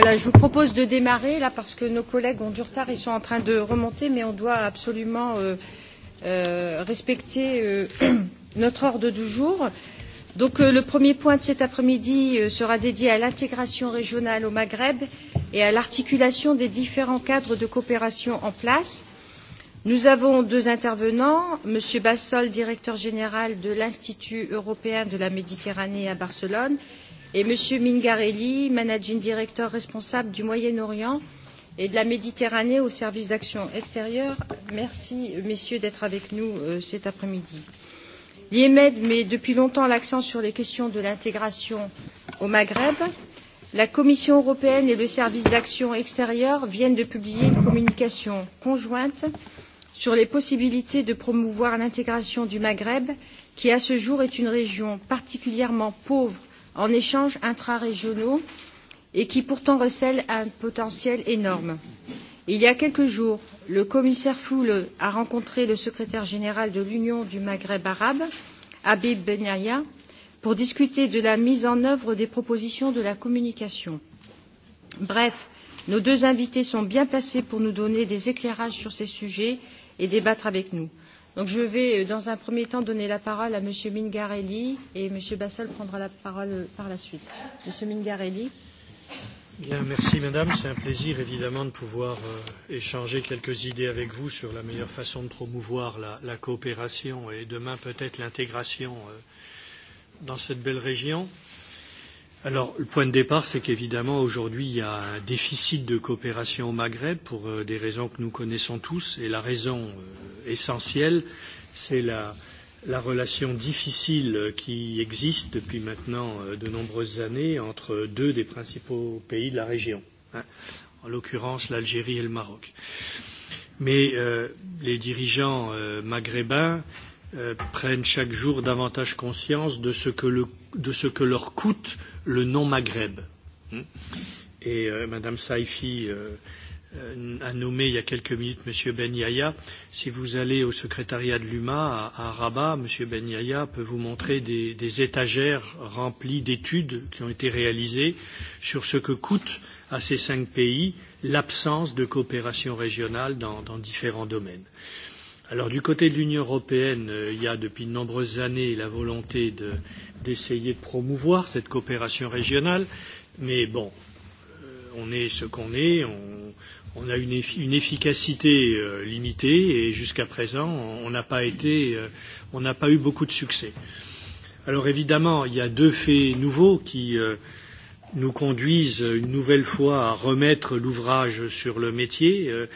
Voilà, je vous propose de démarrer là parce que nos collègues ont du retard, ils sont en train de remonter, mais on doit absolument euh, euh, respecter euh, notre ordre du jour. Donc euh, le premier point de cet après-midi euh, sera dédié à l'intégration régionale au Maghreb et à l'articulation des différents cadres de coopération en place. Nous avons deux intervenants, M. Bassol, directeur général de l'Institut européen de la Méditerranée à Barcelone, et et M. Mingarelli, managing director responsable du Moyen-Orient et de la Méditerranée au service d'action extérieure. Merci, messieurs, d'être avec nous euh, cet après-midi. L'IEMED met depuis longtemps l'accent sur les questions de l'intégration au Maghreb. La Commission européenne et le service d'action extérieure viennent de publier une communication conjointe sur les possibilités de promouvoir l'intégration du Maghreb, qui à ce jour est une région particulièrement pauvre en échanges intrarégionaux et qui pourtant recèle un potentiel énorme. Il y a quelques jours, le commissaire Foule a rencontré le secrétaire général de l'Union du Maghreb arabe, Habib Benaya, pour discuter de la mise en œuvre des propositions de la communication. Bref, nos deux invités sont bien placés pour nous donner des éclairages sur ces sujets et débattre avec nous. Donc je vais euh, dans un premier temps donner la parole à Monsieur Mingarelli et Monsieur Bassol prendra la parole euh, par la suite. Monsieur Mingarelli. Bien, merci Madame. C'est un plaisir évidemment de pouvoir euh, échanger quelques idées avec vous sur la meilleure façon de promouvoir la, la coopération et demain peut-être l'intégration euh, dans cette belle région. Euh, Alors, le point de départ, c'est qu'évidemment, aujourd'hui, il y a un déficit de coopération au Maghreb pour euh, des raisons que nous connaissons tous. Et la raison euh, essentielle, c'est la, la relation difficile euh, qui existe depuis maintenant euh, de nombreuses années entre deux des principaux pays de la région, hein, en l'occurrence l'Algérie et le Maroc. Mais euh, les dirigeants euh, maghrébins euh, prennent chaque jour davantage conscience de ce que, le, de ce que leur coûte euh, le non-Maghreb. Hmm. Et euh, Madame Saifi euh, euh, a nommé il y a quelques minutes Monsieur Ben Yahya. Si vous allez au secrétariat de l'UMA à, à Rabat, Monsieur Ben Yahya peut vous montrer des, des étagères remplies d'études qui ont été réalisées sur ce que coûte à ces cinq pays l'absence de coopération régionale dans, dans différents domaines. Euh, Alors du côté de l'Union européenne, euh, il y a depuis de nombreuses années la volonté de, d'essayer de promouvoir cette coopération régionale, mais bon, euh, on est ce qu'on est, on, on a une, effi- une efficacité euh, limitée et jusqu'à présent, on n'a pas été, euh, on n'a pas eu beaucoup de succès. Alors évidemment, il y a deux faits nouveaux qui euh, nous conduisent une nouvelle fois à remettre l'ouvrage sur le métier. Euh,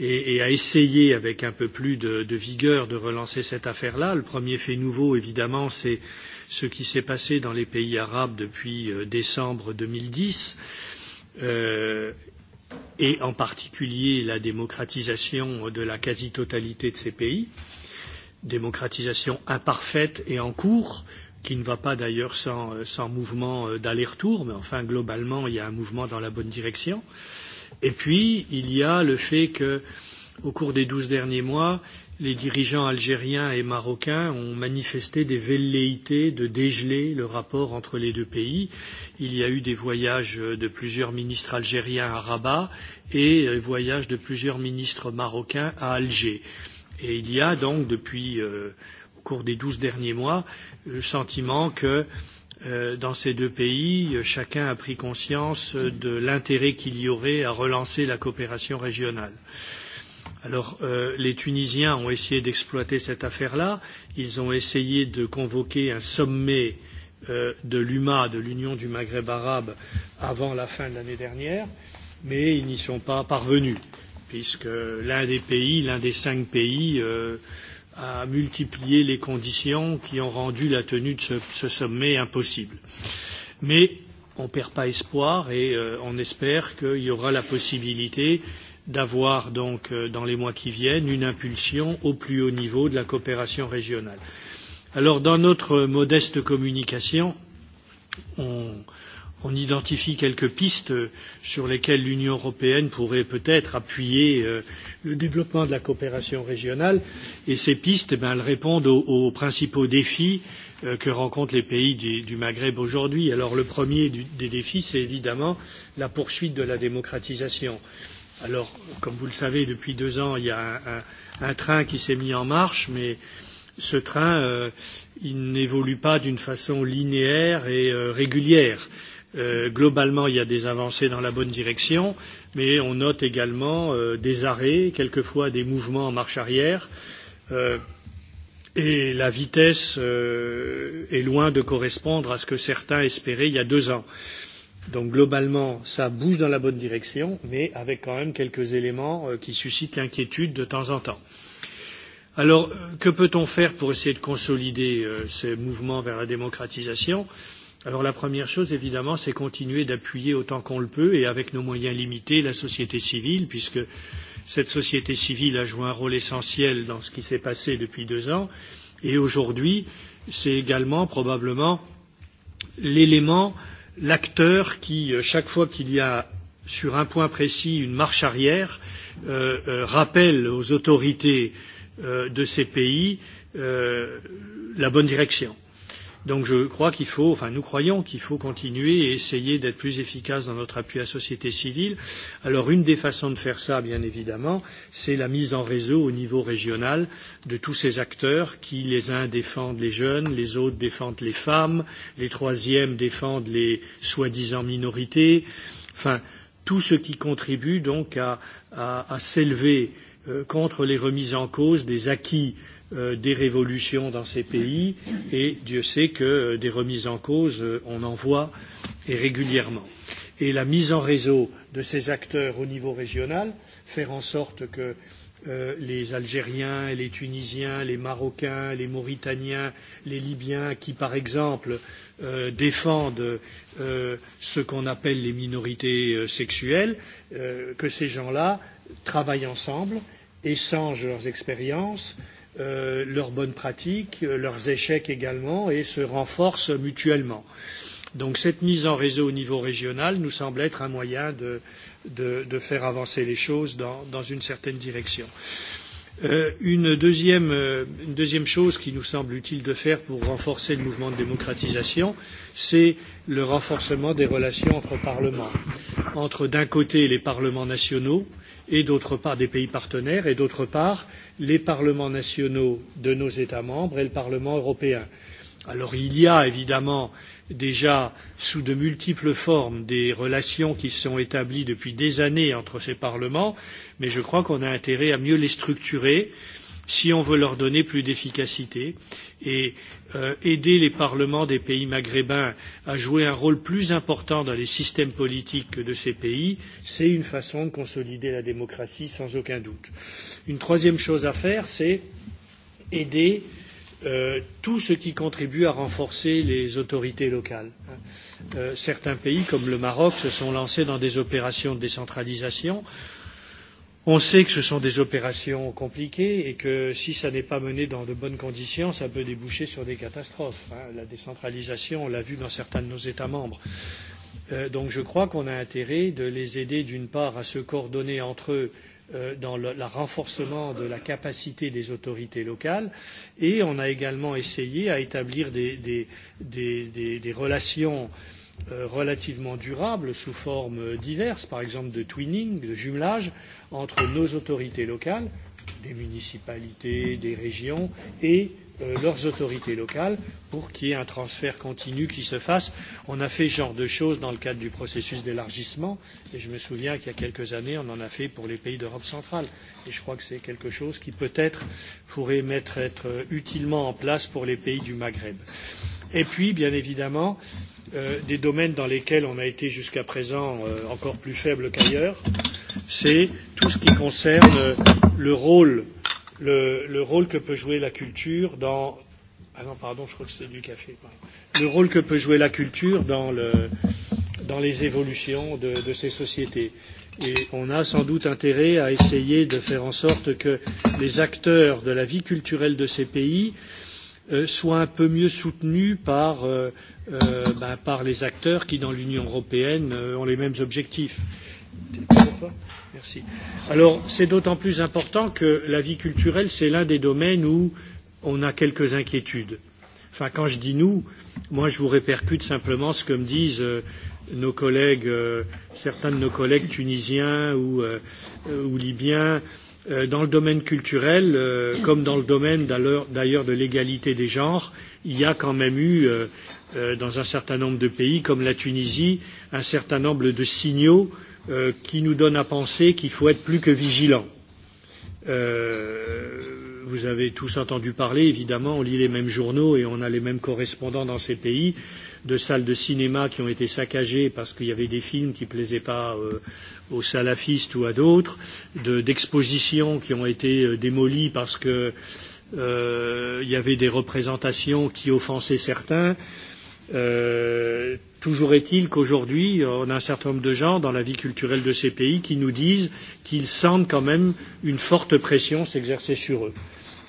et, et à essayer avec un peu plus de, de vigueur de relancer cette affaire-là. Le premier fait nouveau, évidemment, c'est ce qui s'est passé dans les pays arabes depuis euh, décembre 2010. Euh, et en particulier la démocratisation de la quasi-totalité de ces pays, démocratisation imparfaite et en cours, qui ne va pas d'ailleurs sans, sans mouvement euh, d'aller-retour, mais enfin globalement il y a un mouvement dans la bonne direction. Euh, Et puis, il y a le fait que, au cours des douze derniers mois, les dirigeants algériens et marocains ont manifesté des velléités de dégeler le rapport entre les deux pays. Il y a eu des voyages de plusieurs ministres algériens à Rabat et des euh, voyages de plusieurs ministres marocains à Alger. Et il y a donc, depuis euh, au cours des douze derniers mois, le sentiment que euh, Euh, dans ces deux pays, euh, chacun a pris conscience euh, de l'intérêt qu'il y aurait à relancer la coopération régionale. Alors, euh, les Tunisiens ont essayé d'exploiter cette affaire-là. Ils ont essayé de convoquer un sommet euh, de l'UMA, de l'Union du Maghreb arabe, avant la fin de l'année dernière, mais ils n'y sont pas parvenus, puisque l'un des pays, l'un des cinq pays, euh, à multiplier les conditions qui ont rendu la tenue de ce, ce sommet impossible. Mais on ne perd pas espoir et euh, on espère qu'il y aura la possibilité d'avoir donc euh, dans les mois qui viennent une impulsion au plus haut niveau de la coopération régionale. Alors dans notre modeste communication, on, euh, on identifie quelques pistes euh, sur lesquelles l'Union européenne pourrait peut-être appuyer euh, le développement de la coopération régionale. Et ces pistes, eh bien, elles répondent aux, aux principaux défis euh, que rencontrent les pays du, du Maghreb aujourd'hui. Alors le premier du, des défis, c'est évidemment la poursuite de la démocratisation. Alors, comme vous le savez, depuis deux ans, il y a un, un, un train qui s'est mis en marche, mais ce train, euh, il n'évolue pas d'une façon linéaire et euh, régulière. Euh, Euh, globalement, il y a des avancées dans la bonne direction, mais on note également euh, des arrêts, quelquefois des mouvements en marche arrière. Euh, et la vitesse euh, est loin de correspondre à ce que certains espéraient il y a deux ans. Donc globalement, ça bouge dans la bonne direction, mais avec quand même quelques éléments euh, qui suscitent l'inquiétude de temps en temps. Alors, euh, que peut-on faire pour essayer de consolider euh, ces mouvements vers la démocratisation euh, Alors la première chose, évidemment, c'est continuer d'appuyer autant qu'on le peut et avec nos moyens limités la société civile, puisque cette société civile a joué un rôle essentiel dans ce qui s'est passé depuis deux ans. Et aujourd'hui, c'est également probablement l'élément, l'acteur qui, euh, chaque fois qu'il y a sur un point précis une marche arrière, euh, euh, rappelle aux autorités euh, de ces pays euh, la bonne direction Donc je crois qu'il faut, enfin nous croyons qu'il faut continuer et essayer d'être plus efficace dans notre appui à la société civile. Alors une des façons de faire ça, bien évidemment, c'est la mise en réseau au niveau régional de tous ces acteurs qui, les uns défendent les jeunes, les autres défendent les femmes, les troisièmes défendent les soi-disant minorités, enfin tout ce qui contribue donc à, à, à s'élever euh, contre les remises en cause des acquis euh, euh, des révolutions dans ces pays et Dieu sait que euh, des remises en cause, euh, on en voit et régulièrement. Et la mise en réseau de ces acteurs au niveau régional, faire en sorte que euh, les Algériens, les Tunisiens, les Marocains, les Mauritaniens, les Libyens, qui par exemple euh, défendent euh, ce qu'on appelle les minorités euh, sexuelles, euh, que ces gens-là travaillent ensemble, échangent leurs expériences, euh, euh, leurs bonnes pratiques, euh, leurs échecs également, et se renforcent mutuellement. Donc cette mise en réseau au niveau régional nous semble être un moyen de, de, de faire avancer les choses dans, dans une certaine direction. Euh, une, deuxième, euh, une deuxième chose qui nous semble utile de faire pour renforcer le mouvement de démocratisation, c'est le renforcement des relations entre parlements, entre d'un côté les parlements nationaux et d'autre part des pays partenaires et d'autre part les parlements nationaux de nos États membres et le Parlement européen. Alors il y a évidemment déjà sous de multiples formes des relations qui sont établies depuis des années entre ces parlements, mais je crois qu'on a intérêt à mieux les structurer euh, si on veut leur donner plus d'efficacité et euh, aider les parlements des pays maghrébins à jouer un rôle plus important dans les systèmes politiques de ces pays, c'est une façon de consolider la démocratie sans aucun doute. Une troisième chose à faire, c'est aider euh, tout ce qui contribue à renforcer les autorités locales. Euh, certains pays, comme le Maroc, se sont lancés dans des opérations de décentralisation. Euh, On sait que ce sont des opérations compliquées et que si ça n'est pas mené dans de bonnes conditions, ça peut déboucher sur des catastrophes. Hein. La décentralisation, on l'a vu dans certains de nos États membres. Euh, donc je crois qu'on a intérêt de les aider d'une part à se coordonner entre eux euh, dans le la renforcement de la capacité des autorités locales et on a également essayé à établir des, des, des, des, des relations euh, relativement durable sous forme diverses, par exemple de twinning, de jumelage, entre nos autorités locales, des municipalités, des régions et euh, leurs autorités locales pour qu'il y ait un transfert continu qui se fasse. On a fait ce genre de choses dans le cadre du processus d'élargissement et je me souviens qu'il y a quelques années, on en a fait pour les pays d'Europe centrale. Et je crois que c'est quelque chose qui peut-être pourrait mettre, être euh, utilement en place pour les pays du Maghreb. Et puis, bien évidemment, euh, euh, des domaines dans lesquels on a été jusqu'à présent euh, encore plus faible qu'ailleurs, c'est tout ce qui concerne euh, le rôle, le, le rôle que peut jouer la culture dans ah non pardon je crois que c'est du café le rôle que peut jouer la culture dans, le, dans les évolutions de, de ces sociétés. Et on a sans doute intérêt à essayer de faire en sorte que les acteurs de la vie culturelle de ces pays euh, euh, soit un peu mieux soutenu par, euh, euh, ben, par les acteurs qui, dans l'Union européenne, euh, ont les mêmes objectifs. Merci. Alors, c'est d'autant plus important que la vie culturelle, c'est l'un des domaines où on a quelques inquiétudes. Enfin, quand je dis nous, moi, je vous répercute simplement ce que me disent euh, nos collègues, euh, certains de nos collègues tunisiens ou, euh, ou libyens, euh, Euh, dans le domaine culturel, euh, comme dans le domaine d'ailleurs de l'égalité des genres, il y a quand même eu, euh, euh, dans un certain nombre de pays, comme la Tunisie, un certain nombre de signaux euh, qui nous donnent à penser qu'il faut être plus que vigilant. Euh, vous avez tous entendu parler, évidemment, on lit les mêmes journaux et on a les mêmes correspondants dans ces pays. Euh, de salles de cinéma qui ont été saccagées parce qu'il y avait des films qui ne plaisaient pas euh, aux salafistes ou à d'autres, d'expositions de, qui ont été euh, démolies parce que euh, il y avait des représentations qui offensaient certains. Euh, toujours est-il qu'aujourd'hui, on a un certain nombre de gens dans la vie culturelle de ces pays qui nous disent qu'ils sentent quand même une forte pression s'exercer sur eux.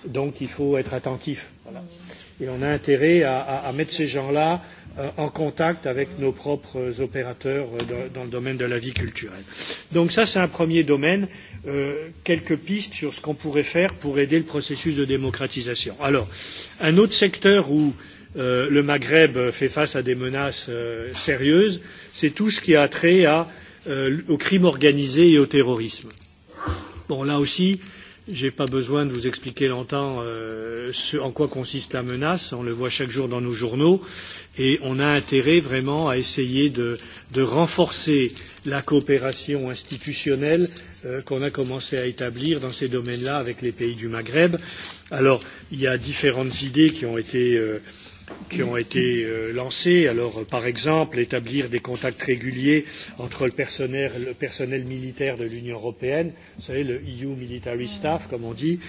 Donc il faut être attentif. Voilà. Et on a intérêt à, à, à mettre ces gens-là euh, en contact avec nos propres opérateurs euh, dans, dans le domaine de la vie culturelle. Donc ça, c'est un premier domaine, euh, quelques pistes sur ce qu'on pourrait faire pour aider le processus de démocratisation. Alors, un autre secteur où euh, le Maghreb fait face à des menaces euh, sérieuses, c'est tout ce qui a trait à, euh, au crime organisé et au terrorisme. Bon, là aussi, euh, Je n'ai pas besoin de vous expliquer longtemps euh, ce, en quoi consiste la menace. On le voit chaque jour dans nos journaux. Et on a intérêt vraiment à essayer de, de renforcer la coopération institutionnelle euh, qu'on a commencé à établir dans ces domaines-là avec les pays du Maghreb. Alors, il y a différentes idées qui ont été. Euh, qui ont été euh, lancées. Alors, euh, par exemple, établir des contacts réguliers entre le personnel, le personnel militaire de l'Union européenne, vous savez, le EU Military Staff, comme on dit,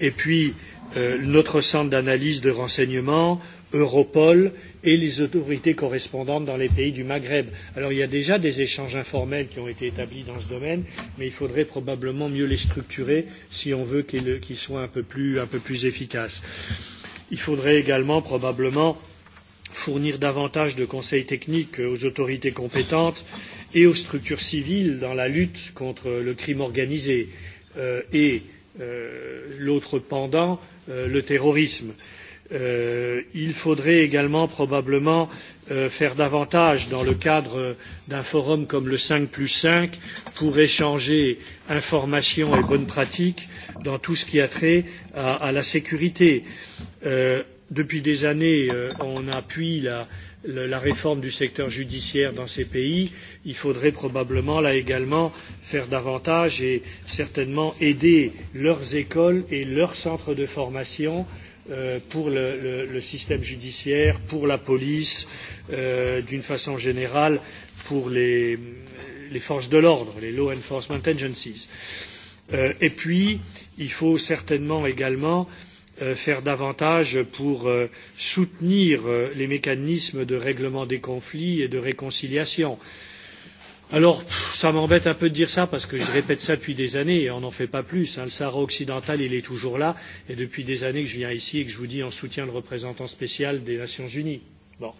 et puis euh, notre centre d'analyse de renseignement, Europol et les autorités correspondantes dans les pays du Maghreb. Alors il y a déjà des échanges informels qui ont été établis dans ce domaine, mais il faudrait probablement mieux les structurer si on veut qu'ils qu soient un peu plus, un peu plus efficaces. Euh, Il faudrait également probablement fournir davantage de conseils techniques aux autorités compétentes et aux structures civiles dans la lutte contre le crime organisé euh, et euh, l'autre pendant, euh, le terrorisme. Euh, il faudrait également probablement euh, faire davantage dans le cadre d'un forum comme le 5 plus 5 pour échanger informations et bonnes pratiques dans tout ce qui a trait à, à la sécurité. Euh, depuis des années, euh, on appuie la, la, la réforme du secteur judiciaire dans ces pays. Il faudrait probablement, là également, faire davantage et certainement aider leurs écoles et leurs centres de formation euh, pour le, le, le système judiciaire, pour la police, euh, d'une façon générale, pour les, les forces de l'ordre, les law enforcement agencies. Euh, Euh, et puis, il faut certainement également euh, faire davantage pour euh, soutenir euh, les mécanismes de règlement des conflits et de réconciliation. Alors, ça m'embête un peu de dire ça parce que je répète ça depuis des années et on n'en fait pas plus. Hein. Le Sahara occidental, il est toujours là et depuis des années que je viens ici et que je vous dis en soutien le représentant spécial des Nations Unies. Bon.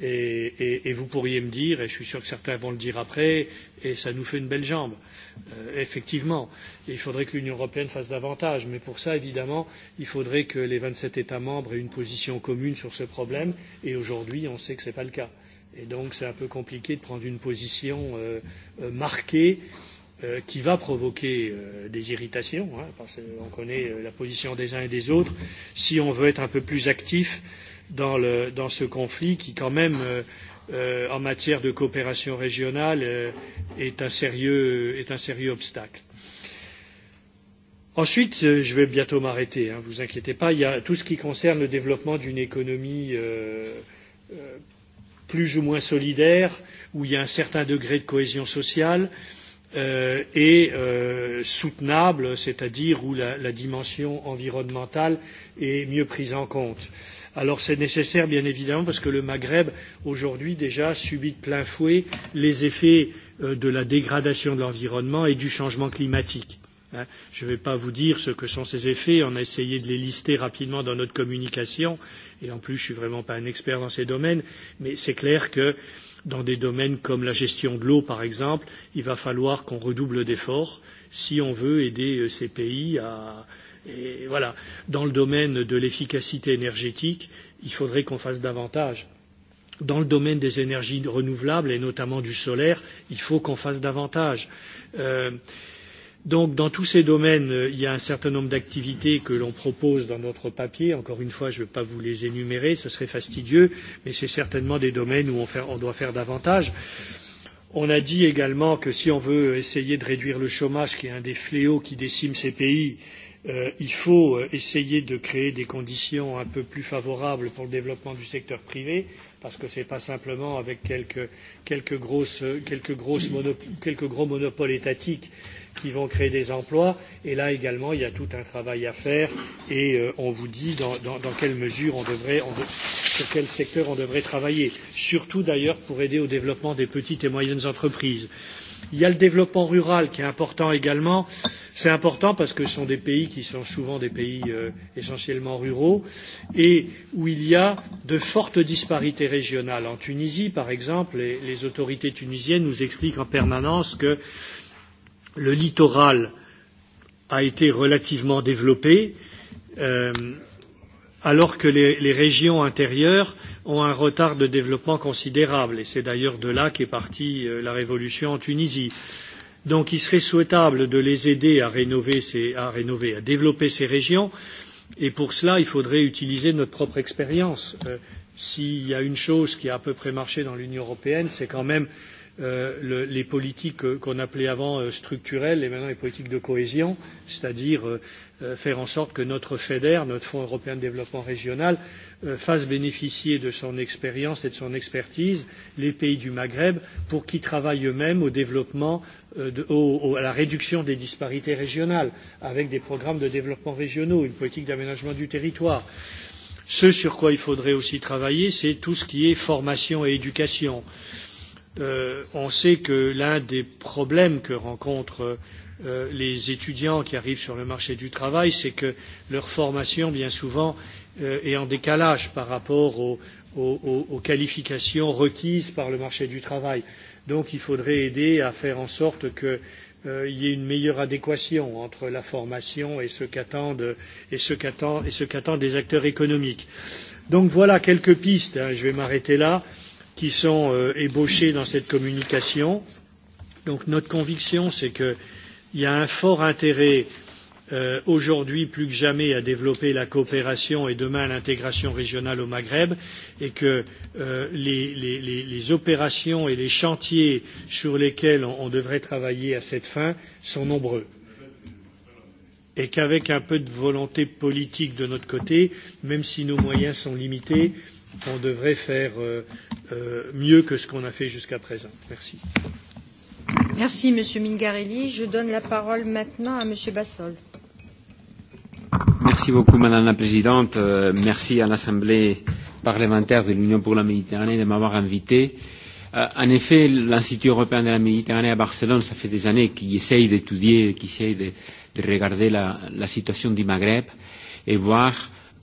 Et, et, et vous pourriez me dire, et je suis sûr que certains vont le dire après, et ça nous fait une belle jambe. Euh, Euh, effectivement, il faudrait que l'Union européenne fasse davantage, mais pour ça, évidemment, il faudrait que les 27 États membres aient une position commune sur ce problème, et aujourd'hui, on sait que ce n'est pas le cas. Et donc, c'est un peu compliqué de prendre une position euh, euh marquée euh, qui va provoquer euh, des irritations, hein, parce qu'on euh, connaît euh, la position des uns et des autres. Si on veut être un peu plus actif dans, le, dans ce conflit qui, quand même, euh, euh, en matière de coopération régionale euh, est, un sérieux, est un sérieux obstacle. Ensuite, euh, je vais bientôt m'arrêter, ne hein, vous inquiétez pas, il y a tout ce qui concerne le développement d'une économie euh, euh, plus ou moins solidaire, où il y a un certain degré de cohésion sociale euh, et euh, soutenable, c'est-à-dire où la, la dimension environnementale est mieux prise en compte. Euh, Alors c'est nécessaire, bien évidemment, parce que le Maghreb, aujourd'hui déjà, subit de plein fouet les effets euh, de la dégradation de l'environnement et du changement climatique. Je ne vais pas vous dire ce que sont ces effets, on a essayé de les lister rapidement dans notre communication, et en plus je ne suis vraiment pas un expert dans ces domaines, mais c'est clair que dans des domaines comme la gestion de l'eau, par exemple, il va falloir qu'on redouble d'efforts si on veut aider euh, ces pays à, Et voilà, dans le domaine de l'efficacité énergétique, il faudrait qu'on fasse davantage. Dans le domaine des énergies renouvelables et notamment du solaire, il faut qu'on fasse davantage. Euh, Donc, dans tous ces domaines, euh, il y a un certain nombre d'activités que l'on propose dans notre papier. Encore une fois, je ne vais pas vous les énumérer, ce serait fastidieux, mais c'est certainement des domaines où on, faire, on doit faire davantage. On a dit également que si on veut essayer de réduire le chômage, qui est un des fléaux qui décime ces pays, euh, euh, il faut euh, essayer de créer des conditions un peu plus favorables pour le développement du secteur privé, parce que ce n'est pas simplement avec quelques, quelques, grosses, quelques, grosses monop quelques gros monopoles étatiques qui vont créer des emplois. Et là également, il y a tout un travail à faire et euh, on vous dit dans, dans, dans quelle mesure on devrait, on de, sur quel secteur on devrait travailler, surtout d'ailleurs pour aider au développement des petites et moyennes entreprises. Euh, Il y a le développement rural qui est important également. C'est important parce que ce sont des pays qui sont souvent des pays euh, essentiellement ruraux et où il y a de fortes disparités régionales. En Tunisie, par exemple, les, les autorités tunisiennes nous expliquent en permanence que le littoral a été relativement développé. Euh, alors que les, les régions intérieures ont un retard de développement considérable, et c'est d'ailleurs de là qu'est partie euh, la révolution en Tunisie. Donc il serait souhaitable de les aider à rénover, ces, à, rénover à développer ces régions, et pour cela, il faudrait utiliser notre propre expérience. Euh, S'il y a une chose qui a à peu près marché dans l'Union européenne, c'est quand même euh, euh, le, les politiques euh, qu'on appelait avant euh, structurelles et maintenant les politiques de cohésion, c'est-à-dire euh, euh, faire en sorte que notre FEDER, notre Fonds européen de développement régional, euh, fasse bénéficier de son expérience et de son expertise les pays du Maghreb pour qu'ils travaillent eux-mêmes au développement, euh, de, au, au, à la réduction des disparités régionales avec des programmes de développement régionaux, une politique d'aménagement du territoire. Ce sur quoi il faudrait aussi travailler, c'est tout ce qui est formation et éducation. Euh, euh, on sait que l'un des problèmes que rencontrent euh, les étudiants qui arrivent sur le marché du travail, c'est que leur formation, bien souvent, euh, est en décalage par rapport aux, aux, aux qualifications requises par le marché du travail. Donc il faudrait aider à faire en sorte qu'il euh, y ait une meilleure adéquation entre la formation et ce qu'attendent, et ce qu'attendent, et ce qu'attendent les acteurs économiques. Donc voilà quelques pistes, hein, je vais m'arrêter là. Euh, qui sont euh, ébauchés dans cette communication. Donc notre conviction, c'est qu'il y a un fort intérêt euh, aujourd'hui plus que jamais à développer la coopération et demain l'intégration régionale au Maghreb et que euh, les, les, les, les opérations et les chantiers sur lesquels on, on devrait travailler à cette fin sont nombreux et qu'avec un peu de volonté politique de notre côté, même si nos moyens sont limités, euh, on devrait faire euh, euh, mieux que ce qu'on a fait jusqu'à présent. Merci. Merci, Monsieur Mingarelli. Je donne la parole maintenant à Monsieur Bassol. Merci beaucoup, Madame la Présidente. Euh, merci à l'Assemblée parlementaire de l'Union pour la Méditerranée de m'avoir invité. Euh, en effet, l'Institut européen de la Méditerranée à Barcelone, ça fait des années qu'il essaye d'étudier, qu'il essaye de, de regarder la, la situation du Maghreb et voir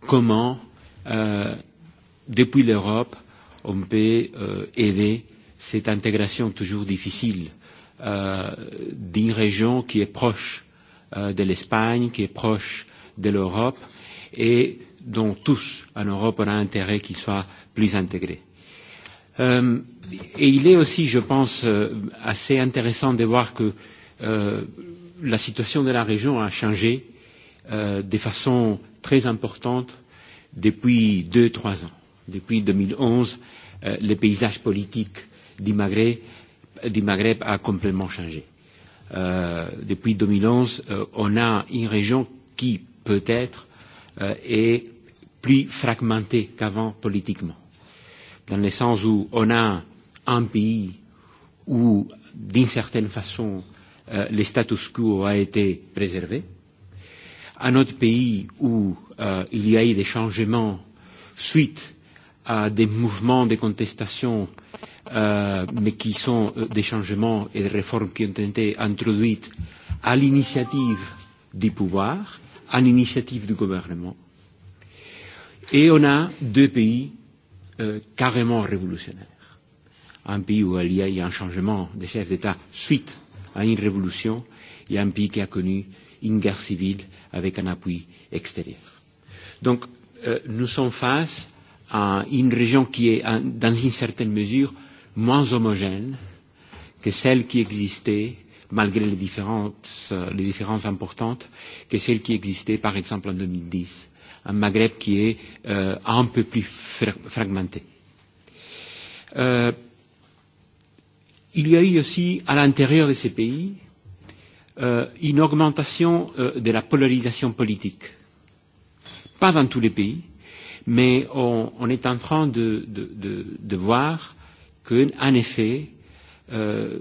comment euh, depuis l'Europe, on peut euh, aider cette intégration toujours difficile euh, d'une région qui est proche euh, de l'Espagne, qui est proche de l'Europe et dont tous en Europe on a intérêt qu'ils soient plus intégrés. Euh, et il est aussi, je pense, euh, assez intéressant de voir que euh, la situation de la région a changé euh, de façon très importante depuis deux, trois ans depuis 2011, euh, le paysage politique du Maghreb, du Maghreb a complètement changé. Euh, depuis 2011, euh, on a une région qui, peut-être, euh, est plus fragmentée qu'avant politiquement, dans le sens où on a un pays où, d'une certaine façon, euh, le status quo a été préservé, un autre pays où euh, il y a eu des changements suite à des mouvements de contestation, euh, mais qui sont euh, des changements et des réformes qui ont été introduites à l'initiative du pouvoir, à l'initiative du gouvernement. Et on a deux pays euh, carrément révolutionnaires. Un pays où il y a eu un changement de chef d'État suite à une révolution et un pays qui a connu une guerre civile avec un appui extérieur. Donc, euh, nous sommes face à une région qui est, à, dans une certaine mesure, moins homogène que celle qui existait, malgré les différences, euh, les différences importantes, que celle qui existait, par exemple, en 2010. Un Maghreb qui est euh, un peu plus fra fragmenté. Euh, il y a eu aussi, à l'intérieur de ces pays, euh, une augmentation euh, de la polarisation politique. Pas dans tous les pays, Mais on, on est en train de, de, de, de voir qu'en effet, euh,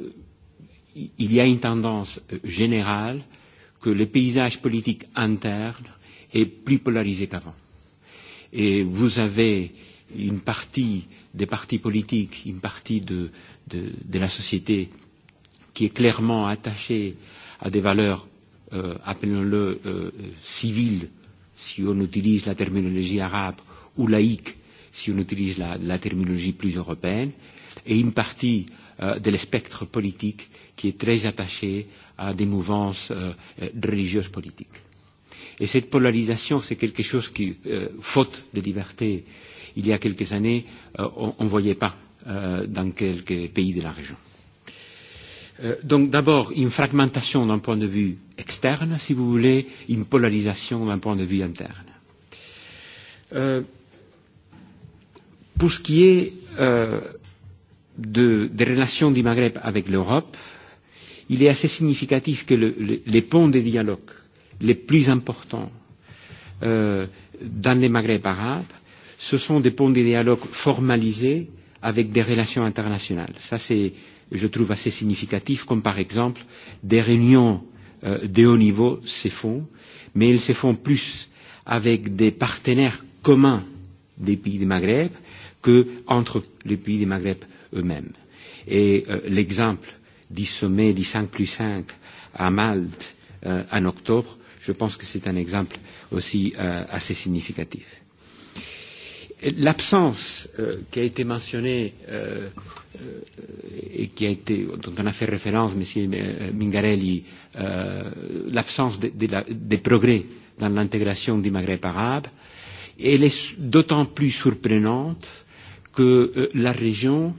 il y a une tendance générale que le paysage politique interne est plus polarisé qu'avant. Et vous avez une partie des partis politiques, une partie de, de, de la société qui est clairement attachée à des valeurs, euh, appelons-le euh, euh civiles, si on utilise la terminologie arabe, ou laïque, si on utilise la, la terminologie plus européenne, et une partie euh, de le spectre politique qui est très attaché à des mouvances euh, euh, religieuses politiques. Et cette polarisation, c'est quelque chose qui, euh, faute de liberté, il y a quelques années, euh, on ne voyait pas euh, dans quelques pays de la région. Euh, donc d'abord, une fragmentation d'un point de vue externe, si vous voulez, une polarisation d'un point de vue interne. Euh, Pour ce qui est euh, de, des relations du Maghreb avec l'Europe, il est assez significatif que le, le, les ponts de dialogue les plus importants euh, dans les Maghreb arabes, ce sont des ponts de dialogue formalisés avec des relations internationales. Ça, c'est, je trouve, assez significatif, comme par exemple des réunions euh, de haut niveau se font, mais elles se font plus avec des partenaires communs des pays du Maghreb qu'entre les pays du Maghreb eux-mêmes. Et euh, l'exemple du sommet du 5 plus 5 à Malte euh, en octobre, je pense que c'est un exemple aussi euh, assez significatif. L'absence euh, qui a été mentionnée euh, euh, et qui a été, dont on a fait référence, M. Mingarelli, euh, l'absence des de, de la, de progrès dans l'intégration du Maghreb arabe, elle est d'autant plus surprenante euh, que euh, la région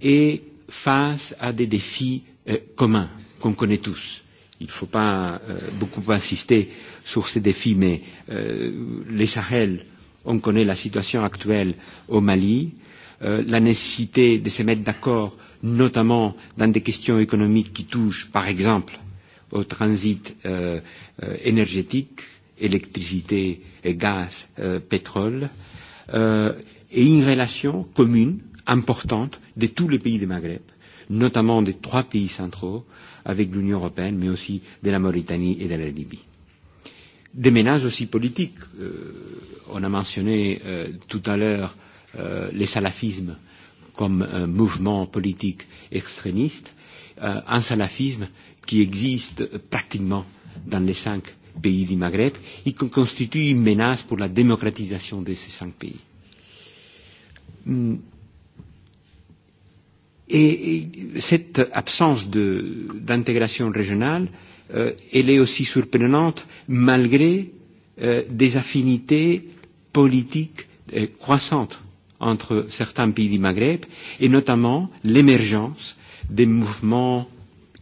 est face à des défis euh, communs qu'on connaît tous. Il ne faut pas euh, beaucoup insister sur ces défis, mais euh, les Sahel, on connaît la situation actuelle au Mali, euh, la nécessité de se mettre d'accord, notamment dans des questions économiques qui touchent, par exemple, au transit euh, euh, énergétique, électricité, et gaz, euh, pétrole, euh, et une relation commune, importante, de tous les pays du Maghreb, notamment des trois pays centraux, avec l'Union européenne, mais aussi de la Mauritanie et de la Libye. Des menaces aussi politiques. Euh, on a mentionné euh, tout à l'heure euh, les salafismes comme un mouvement politique extrémiste, euh, un salafisme qui existe pratiquement dans les cinq pays du Maghreb et qui constitue une menace pour la démocratisation de ces cinq pays. Mm. Et, et cette absence d'intégration régionale, euh, elle est aussi surprenante malgré euh, des affinités politiques euh, croissantes entre certains pays du Maghreb et notamment l'émergence des mouvements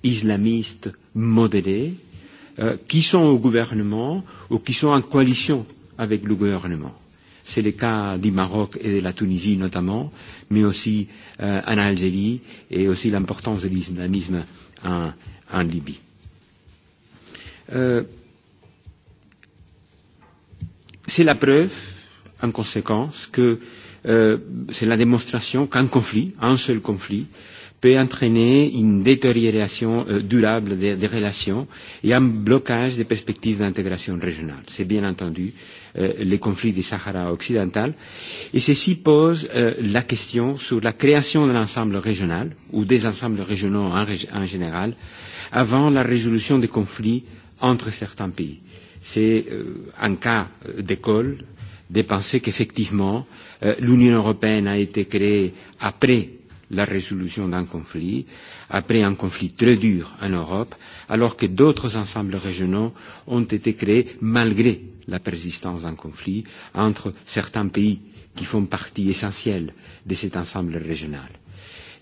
islamistes modérés euh, qui sont au gouvernement ou qui sont en coalition avec le gouvernement. C'est le cas du Maroc et de la Tunisie notamment, mais aussi euh, en Algérie et aussi l'importance de l'islamisme en, en Libye. Euh, c'est la preuve, en conséquence, que euh, c'est la démonstration qu'un conflit, un seul conflit, euh, peut entraîner une détérioration euh, durable des, des relations et un blocage des perspectives d'intégration régionale. C'est bien entendu euh, les conflits du Sahara occidental. Et ceci pose euh, la question sur la création d'un ensemble régional ou des ensembles régionaux en, régi en général avant la résolution des conflits entre certains pays. C'est euh, un cas euh, d'école de penser qu'effectivement euh, l'Union européenne a été créée après la résolution d'un conflit, après un conflit très dur en Europe, alors que d'autres ensembles régionaux ont été créés malgré la persistance d'un conflit entre certains pays qui font partie essentielle de cet ensemble régional.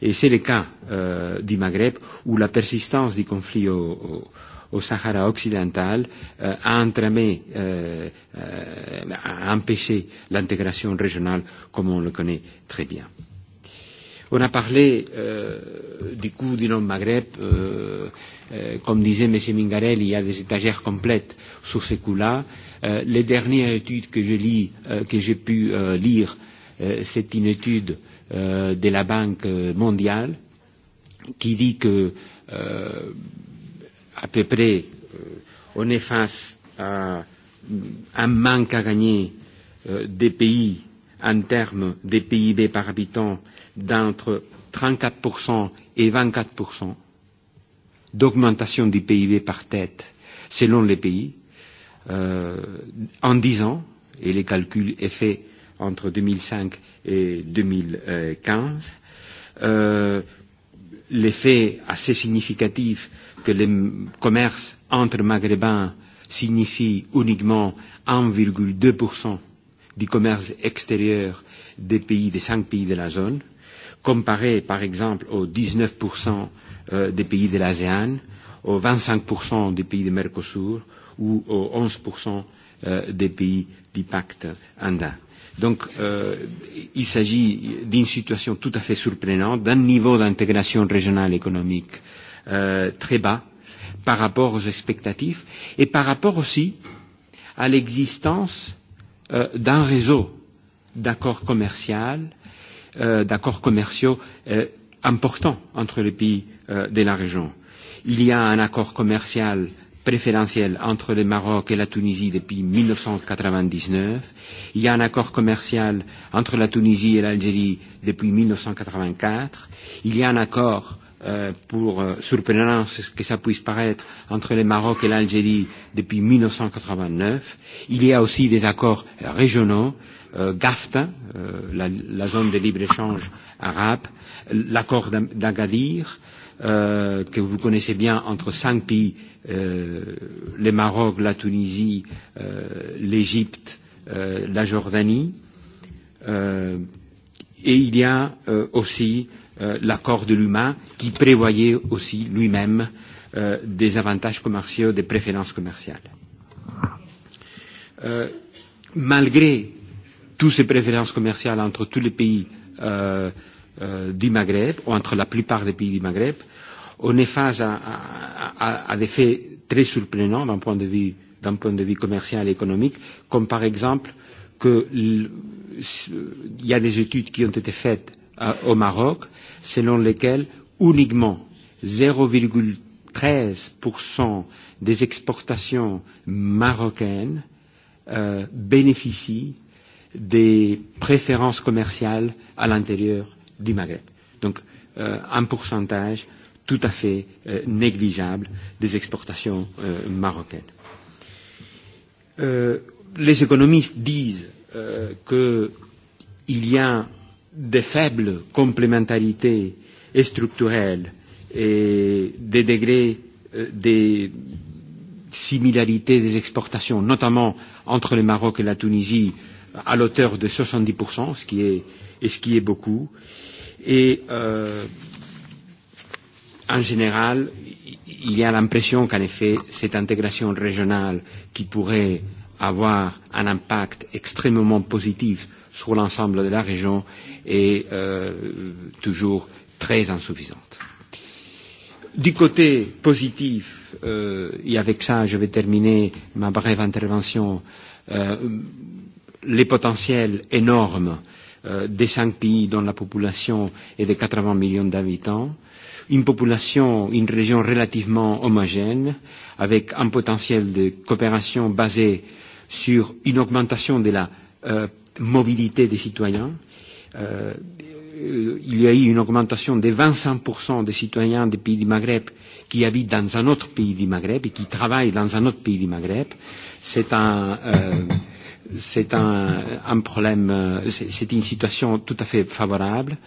Et c'est le cas euh, du Maghreb où la persistance du conflit au, au, au Sahara occidental euh, a entamé, euh, euh, a empêché l'intégration régionale comme on le connaît très bien. Euh, On a parlé euh, du coût du non-Maghreb. Euh, euh, comme disait M. Mingarel, il y a des étagères complètes sur ce coût-là. Euh, les dernières études que j'ai lis, euh, que j'ai pu euh, lire, euh, c'est une étude euh, de la Banque mondiale qui dit que euh, à peu près euh, on est face à un manque à gagner euh, des pays en termes des PIB par habitant d'entre 34% et 24% d'augmentation du PIB par tête selon les pays euh, en 10 ans, et les calculs est fait entre 2005 et 2015. Euh, L'effet assez significatif que les commerces entre maghrébins signifie uniquement 1,2% du commerce extérieur des pays, des cinq pays de la zone, comparé par exemple aux 19% euh, des pays de l'ASEAN, aux 25% des pays du de Mercosur ou aux 11% euh, des pays du pacte andin. Donc euh, il s'agit d'une situation tout à fait surprenante, d'un niveau d'intégration régionale économique euh, très bas par rapport aux expectatives et par rapport aussi à l'existence euh, d'un réseau d'accords commerciaux euh, euh, d'accords commerciaux euh, importants entre les pays euh, de la région. Il y a un accord commercial préférentiel entre le Maroc et la Tunisie depuis 1999. Il y a un accord commercial entre la Tunisie et l'Algérie depuis 1984. Il y a un accord euh, pour euh, surprenant ce que ça puisse paraître entre le Maroc et l'Algérie depuis 1989. Il y a aussi des accords régionaux euh, GAFTA, euh, la, la zone de libre-échange arabe, l'accord d'Agadir, euh, que vous connaissez bien entre cinq pays, euh, le Maroc, la Tunisie, euh, l'Égypte, euh, la Jordanie. Euh, et il y a euh, aussi euh, l'accord de l'humain qui prévoyait aussi lui-même euh, des avantages commerciaux, des préférences commerciales. Euh, malgré toutes ces préférences commerciales entre tous les pays euh, euh, du Maghreb, ou entre la plupart des pays du Maghreb, on est face à, à, à des faits très surprenants d'un point, de vue, point de vue commercial et économique, comme par exemple qu'il y a des études qui ont été faites euh, au Maroc, selon lesquelles uniquement 0,13% des exportations marocaines euh, bénéficient des préférences commerciales à l'intérieur du Maghreb. Donc euh, un pourcentage tout à fait euh, négligeable des exportations euh, marocaines. Euh, les économistes disent euh, qu'il y a des faibles complémentarités et structurelles et des degrés euh, des similarités des exportations, notamment entre le Maroc et la Tunisie, euh, à l'auteur de 70%, ce qui est, et ce qui est beaucoup. Et euh, en général, il y a l'impression qu'en effet, cette intégration régionale qui pourrait avoir un impact extrêmement positif sur l'ensemble de la région est euh, toujours très insuffisante. Du côté positif, euh, et avec ça je vais terminer ma brève intervention, euh, les potentiels énormes euh, des cinq pays dont la population est de 80 millions d'habitants, une population, une région relativement homogène, avec un potentiel de coopération basé sur une augmentation de la euh, mobilité des citoyens. Euh, il y a eu une augmentation de 25% des citoyens des pays du Maghreb qui habitent dans un autre pays du Maghreb et qui travaillent dans un autre pays du Maghreb. C'est un, euh, c'est un, un problème, euh, c'est une situation tout à fait favorable.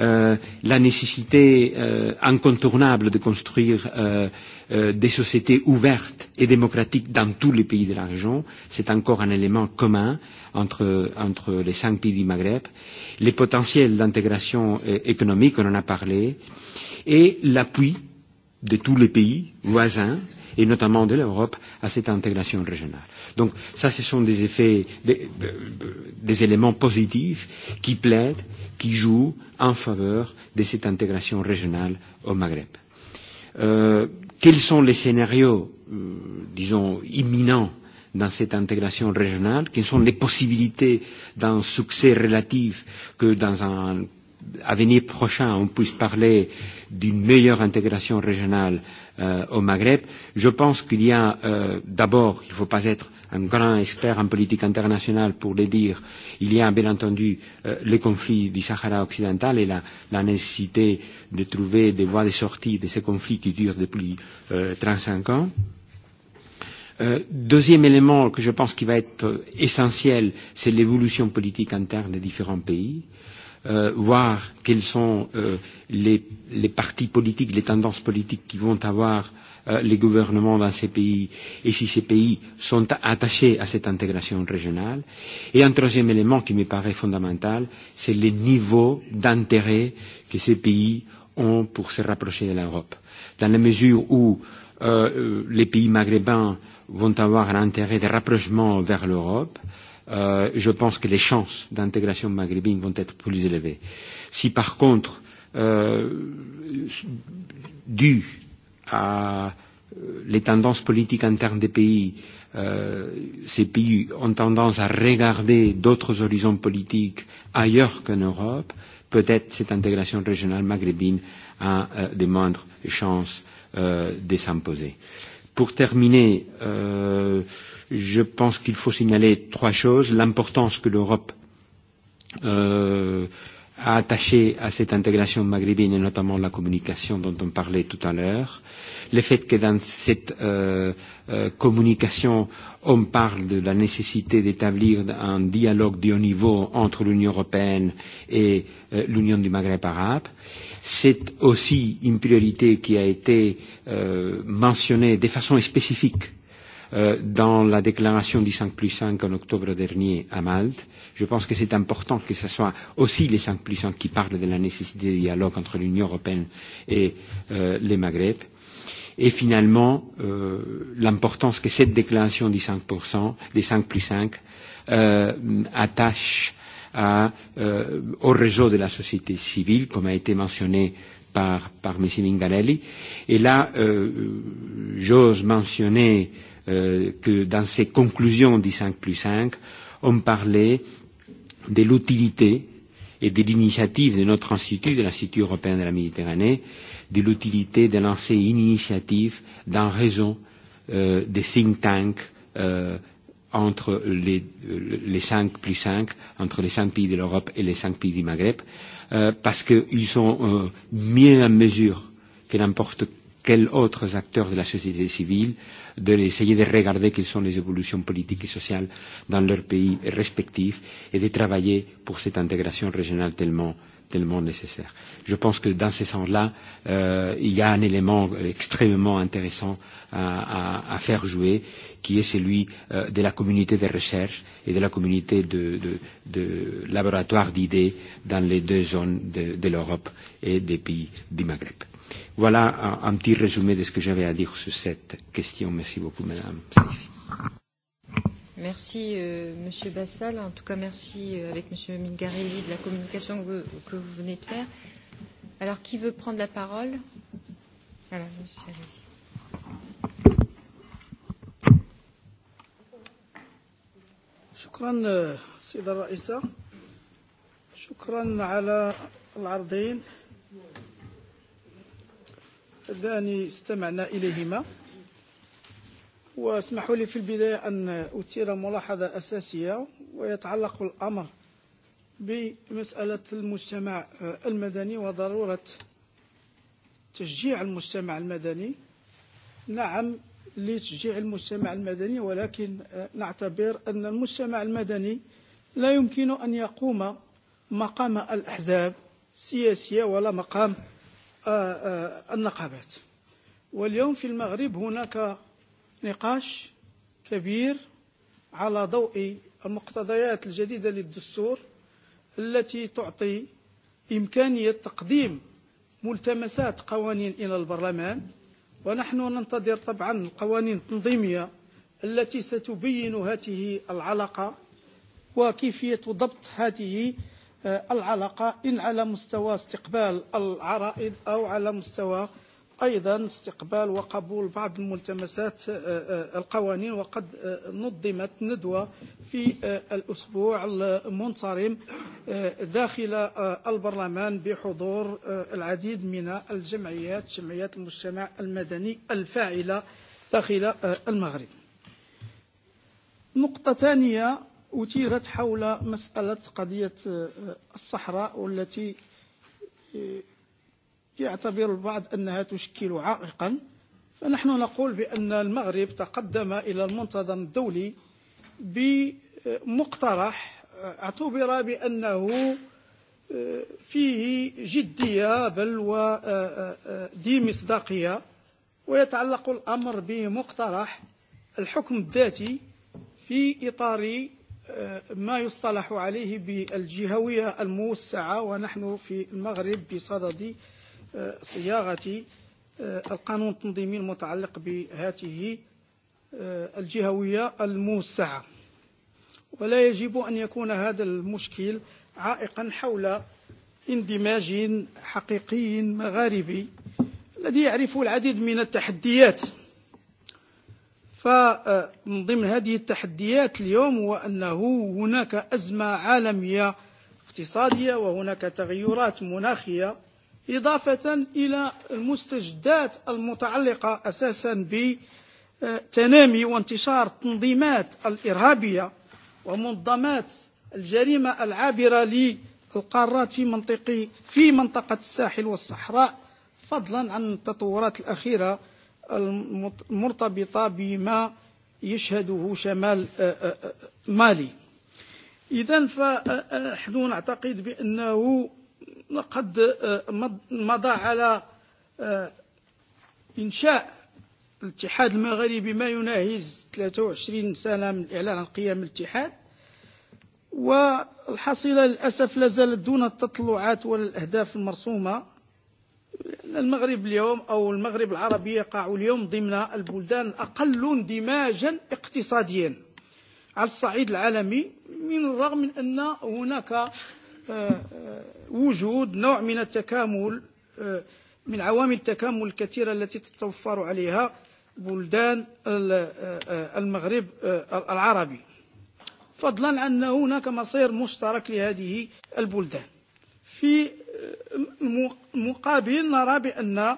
Euh, la nécessité euh, incontournable de construire euh, euh, des sociétés ouvertes et démocratiques dans tous les pays de la région, c'est encore un élément commun entre, entre les cinq pays du Maghreb. Les potentiels d'intégration euh, économique, on en a parlé, et l'appui de tous les pays voisins euh, et notamment de l'Europe, à cette intégration régionale. Donc ça, ce sont des effets, des, des éléments positifs qui plaident, qui jouent en faveur de cette intégration régionale au Maghreb. Euh, quels sont les scénarios, euh, disons, imminents dans cette intégration régionale, quelles sont les possibilités d'un succès relatif que dans un avenir prochain on puisse parler d'une meilleure intégration régionale euh, au Maghreb. Je pense qu'il y a euh, d'abord, il ne faut pas être un grand expert en politique internationale pour le dire, il y a bien entendu euh, les conflits du Sahara occidental et la, la nécessité de trouver des voies de sortie de ces conflits qui durent depuis euh, 35 ans. Euh, deuxième élément que je pense qui va être euh, essentiel, c'est l'évolution politique interne des différents pays euh, voir quelles sont euh, les, les partis politiques, les tendances politiques qui vont avoir euh, les gouvernements dans ces pays et si ces pays sont attachés à cette intégration régionale. Et un troisième élément qui me paraît fondamental, c'est le niveau d'intérêt que ces pays ont pour se rapprocher de l'Europe. Dans la mesure où euh, les pays maghrébins vont avoir un intérêt de rapprochement vers l'Europe, euh, euh, je pense que les chances d'intégration maghrébine vont être plus élevées. Si par contre, euh, dû à euh, les tendances politiques internes des pays, euh, ces pays ont tendance à regarder d'autres horizons politiques ailleurs qu'en Europe, peut-être cette intégration régionale maghrébine a euh, des moindres chances euh, de s'imposer. Pour terminer, euh, euh, je pense qu'il faut signaler trois choses. L'importance que l'Europe euh, a attachée à cette intégration maghrébine et notamment la communication dont on parlait tout à l'heure. Le fait que dans cette euh, euh, communication, on parle de la nécessité d'établir un dialogue de haut niveau entre l'Union européenne et euh, l'Union du Maghreb arabe. C'est aussi une priorité qui a été euh, mentionnée de façon spécifique euh, euh, dans la déclaration 10 5 plus 5 en octobre dernier à Malte. Je pense que c'est important que ce soit aussi les 5 plus 5 qui parlent de la nécessité de dialogue entre l'Union européenne et euh, les Maghreb. Et finalement, euh, l'importance que cette déclaration des 5%, des 5 plus 5, euh, attache à, euh, au réseau de la société civile, comme a été mentionné par, par M. Mingarelli. Et là, euh, j'ose mentionner euh, euh, que dans ses conclusions du 5 plus 5, on parlait de l'utilité et de l'initiative de notre institut, de l'Institut européen de la Méditerranée, de l'utilité de lancer une initiative dans raison euh, des think tanks euh, entre les, euh, les 5 plus 5, entre les 5 pays de l'Europe et les 5 pays du Maghreb, euh, parce qu'ils sont euh, mieux en mesure que n'importe quels autres acteurs de la société civile, d'essayer de, de regarder quelles sont les évolutions politiques et sociales dans leurs pays respectifs et de travailler pour cette intégration régionale tellement, tellement nécessaire. Je pense que dans ce sens-là, euh, il y a un élément extrêmement intéressant à, à, à faire jouer qui est celui euh, de la communauté de recherche et de la communauté de, de, de laboratoires d'idées dans les deux zones de, de l'Europe et des pays du Maghreb. Voilà un, un petit résumé de ce que j'avais à dire sur cette question. Merci beaucoup, Madame Saifi. Merci, euh, Monsieur Bassal. En tout cas, merci euh, avec Monsieur Mingarelli de la communication que, que vous venez de faire. Alors, qui veut prendre la parole Alors, Monsieur Alessi. شكرا سيدة الرئيسة شكرا على العرضين اللذان استمعنا إليهما واسمحوا لي في البداية أن أثير ملاحظة أساسية ويتعلق الأمر بمسألة المجتمع المدني وضرورة تشجيع المجتمع المدني نعم لتشجيع المجتمع المدني ولكن نعتبر أن المجتمع المدني لا يمكن أن يقوم مقام الأحزاب السياسية ولا مقام النقابات واليوم في المغرب هناك نقاش كبير على ضوء المقتضيات الجديدة للدستور التي تعطي إمكانية تقديم ملتمسات قوانين إلى البرلمان ونحن ننتظر طبعا القوانين التنظيمية التي ستبين هذه العلاقة وكيفية ضبط هذه العلاقة إن على مستوى استقبال العرائض أو على مستوى أيضا استقبال وقبول بعض الملتمسات القوانين وقد نظمت ندوة في الأسبوع المنصرم داخل البرلمان بحضور العديد من الجمعيات جمعيات المجتمع المدني الفاعلة داخل المغرب نقطة ثانية أثيرت حول مسألة قضية الصحراء والتي يعتبر البعض أنها تشكل عائقا فنحن نقول بأن المغرب تقدم إلى المنتظم الدولي بمقترح اعتبر بأنه فيه جدية بل وذي مصداقية ويتعلق الأمر بمقترح الحكم الذاتي في إطار ما يصطلح عليه بالجهوية الموسعة ونحن في المغرب بصدد صياغة القانون التنظيمي المتعلق بهاته الجهوية الموسعة ولا يجب أن يكون هذا المشكل عائقا حول اندماج حقيقي مغاربي الذي يعرف العديد من التحديات فمن ضمن هذه التحديات اليوم هو أنه هناك أزمة عالمية اقتصادية وهناك تغيرات مناخية إضافة إلى المستجدات المتعلقة أساسا بتنامي وانتشار التنظيمات الإرهابية ومنظمات الجريمة العابرة للقارات في منطقة في منطقة الساحل والصحراء فضلا عن التطورات الأخيرة المرتبطة بما يشهده شمال مالي إذا فنحن نعتقد بأنه لقد مضى على إنشاء الاتحاد المغربي ما يناهز 23 سنة من إعلان عن قيام الاتحاد والحصيلة للأسف لازالت دون التطلعات ولا الأهداف المرسومة المغرب اليوم أو المغرب العربي يقع اليوم ضمن البلدان الأقل اندماجا اقتصاديا على الصعيد العالمي من الرغم من أن هناك وجود نوع من التكامل من عوامل التكامل الكثيرة التي تتوفر عليها بلدان المغرب العربي فضلا عن أن هناك مصير مشترك لهذه البلدان في مقابل نرى بأن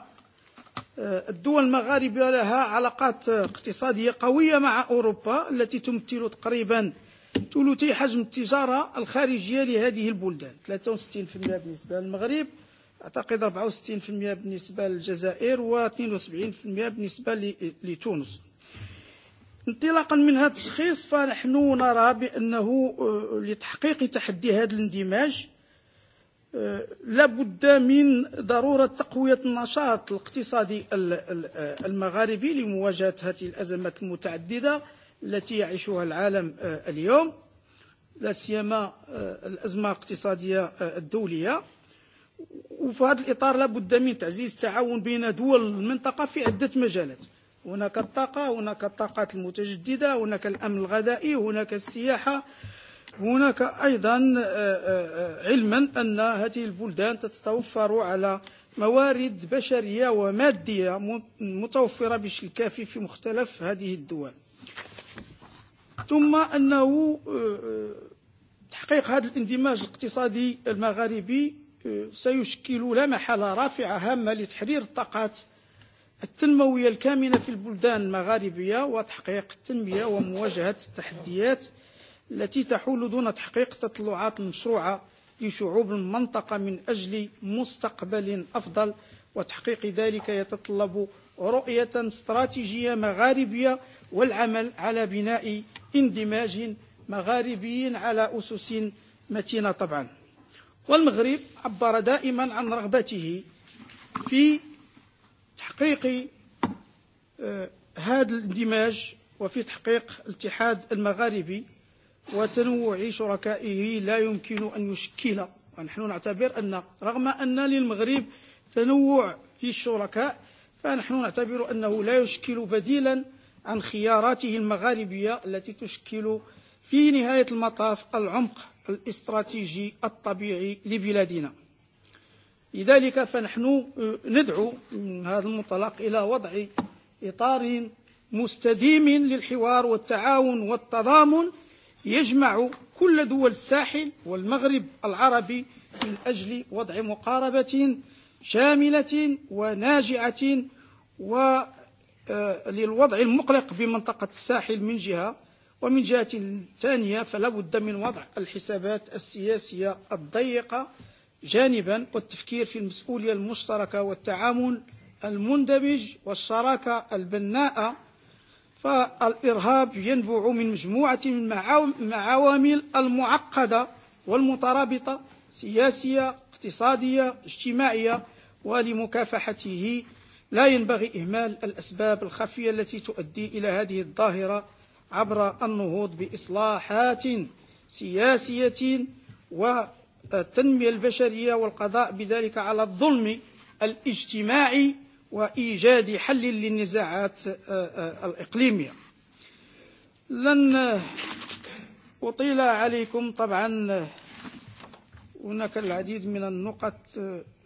الدول المغاربة لها علاقات اقتصادية قوية مع أوروبا التي تمثل تقريبا ثلثي حجم التجارة الخارجية لهذه البلدان 63% بالنسبة للمغرب أعتقد 64% بالنسبة للجزائر و72% بالنسبة لتونس انطلاقا من هذا التشخيص فنحن نرى بأنه لتحقيق تحدي هذا الاندماج لابد من ضرورة تقوية النشاط الاقتصادي المغاربي لمواجهة هذه الأزمات المتعددة التي يعيشها العالم اليوم لا سيما الأزمة الاقتصادية الدولية وفي هذا الإطار لابد من تعزيز التعاون بين دول المنطقة في عدة مجالات هناك الطاقة هناك الطاقات المتجددة هناك الأمن الغذائي هناك السياحة هناك أيضا علما أن هذه البلدان تتوفر على موارد بشرية ومادية متوفرة بشكل كافي في مختلف هذه الدول ثم أنه تحقيق هذا الاندماج الاقتصادي المغاربي سيشكل لا محالة رافعة هامة لتحرير الطاقات التنموية الكامنة في البلدان المغاربية وتحقيق التنمية ومواجهة التحديات التي تحول دون تحقيق تطلعات مشروعه لشعوب المنطقه من اجل مستقبل افضل وتحقيق ذلك يتطلب رؤيه استراتيجيه مغاربيه والعمل على بناء اندماج مغاربي على اسس متينه طبعا والمغرب عبر دائما عن رغبته في تحقيق هذا الاندماج وفي تحقيق الاتحاد المغاربي وتنوع شركائه لا يمكن أن يشكل ونحن نعتبر أن رغم أن للمغرب تنوع في الشركاء فنحن نعتبر أنه لا يشكل بديلا عن خياراته المغاربية التي تشكل في نهاية المطاف العمق الاستراتيجي الطبيعي لبلادنا لذلك فنحن ندعو من هذا المنطلق إلى وضع إطار مستديم للحوار والتعاون والتضامن يجمع كل دول الساحل والمغرب العربي من اجل وضع مقاربه شامله وناجعه و للوضع المقلق بمنطقه الساحل من جهه ومن جهه ثانيه فلا بد من وضع الحسابات السياسيه الضيقه جانبا والتفكير في المسؤوليه المشتركه والتعامل المندمج والشراكه البناءه فالإرهاب ينبع من مجموعة من العوامل المعقدة والمترابطة سياسية اقتصادية اجتماعية ولمكافحته لا ينبغي إهمال الأسباب الخفية التي تؤدي إلى هذه الظاهرة عبر النهوض بإصلاحات سياسية والتنمية البشرية والقضاء بذلك على الظلم الاجتماعي وإيجاد حل للنزاعات الإقليمية لن أطيل عليكم طبعا هناك العديد من النقط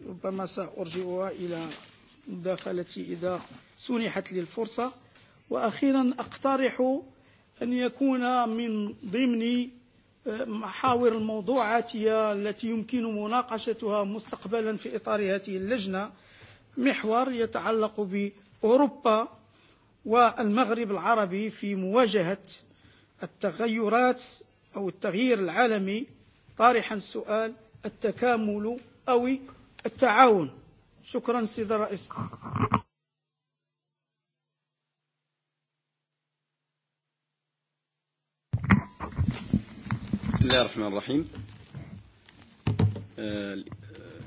ربما سأرجعها إلى مداخلتي إذا سنحت لي الفرصة وأخيرا أقترح أن يكون من ضمن محاور الموضوعاتية التي يمكن مناقشتها مستقبلا في إطار هذه اللجنة محور يتعلق باوروبا والمغرب العربي في مواجهه التغيرات او التغيير العالمي طارحا سؤال التكامل او التعاون شكرا سيدي الرئيس بسم الله الرحمن الرحيم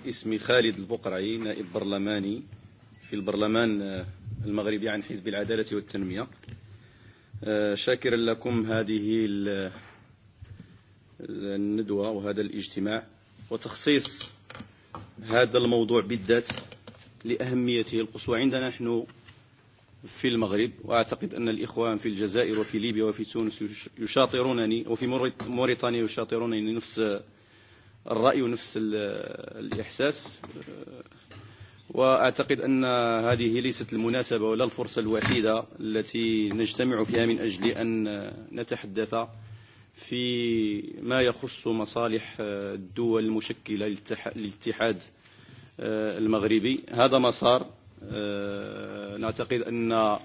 اسمي خالد البقرعي نائب برلماني في البرلمان المغربي عن حزب العدالة والتنمية شاكرا لكم هذه الندوة وهذا الاجتماع وتخصيص هذا الموضوع بالذات لأهميته القصوى عندنا نحن في المغرب وأعتقد أن الإخوان في الجزائر وفي ليبيا وفي تونس يشاطرونني وفي موريتانيا يشاطرونني نفس الرأي ونفس الإحساس وأعتقد أن هذه ليست المناسبة ولا الفرصة الوحيدة التي نجتمع فيها من أجل أن نتحدث في ما يخص مصالح الدول المشكلة للاتحاد المغربي هذا مسار نعتقد أن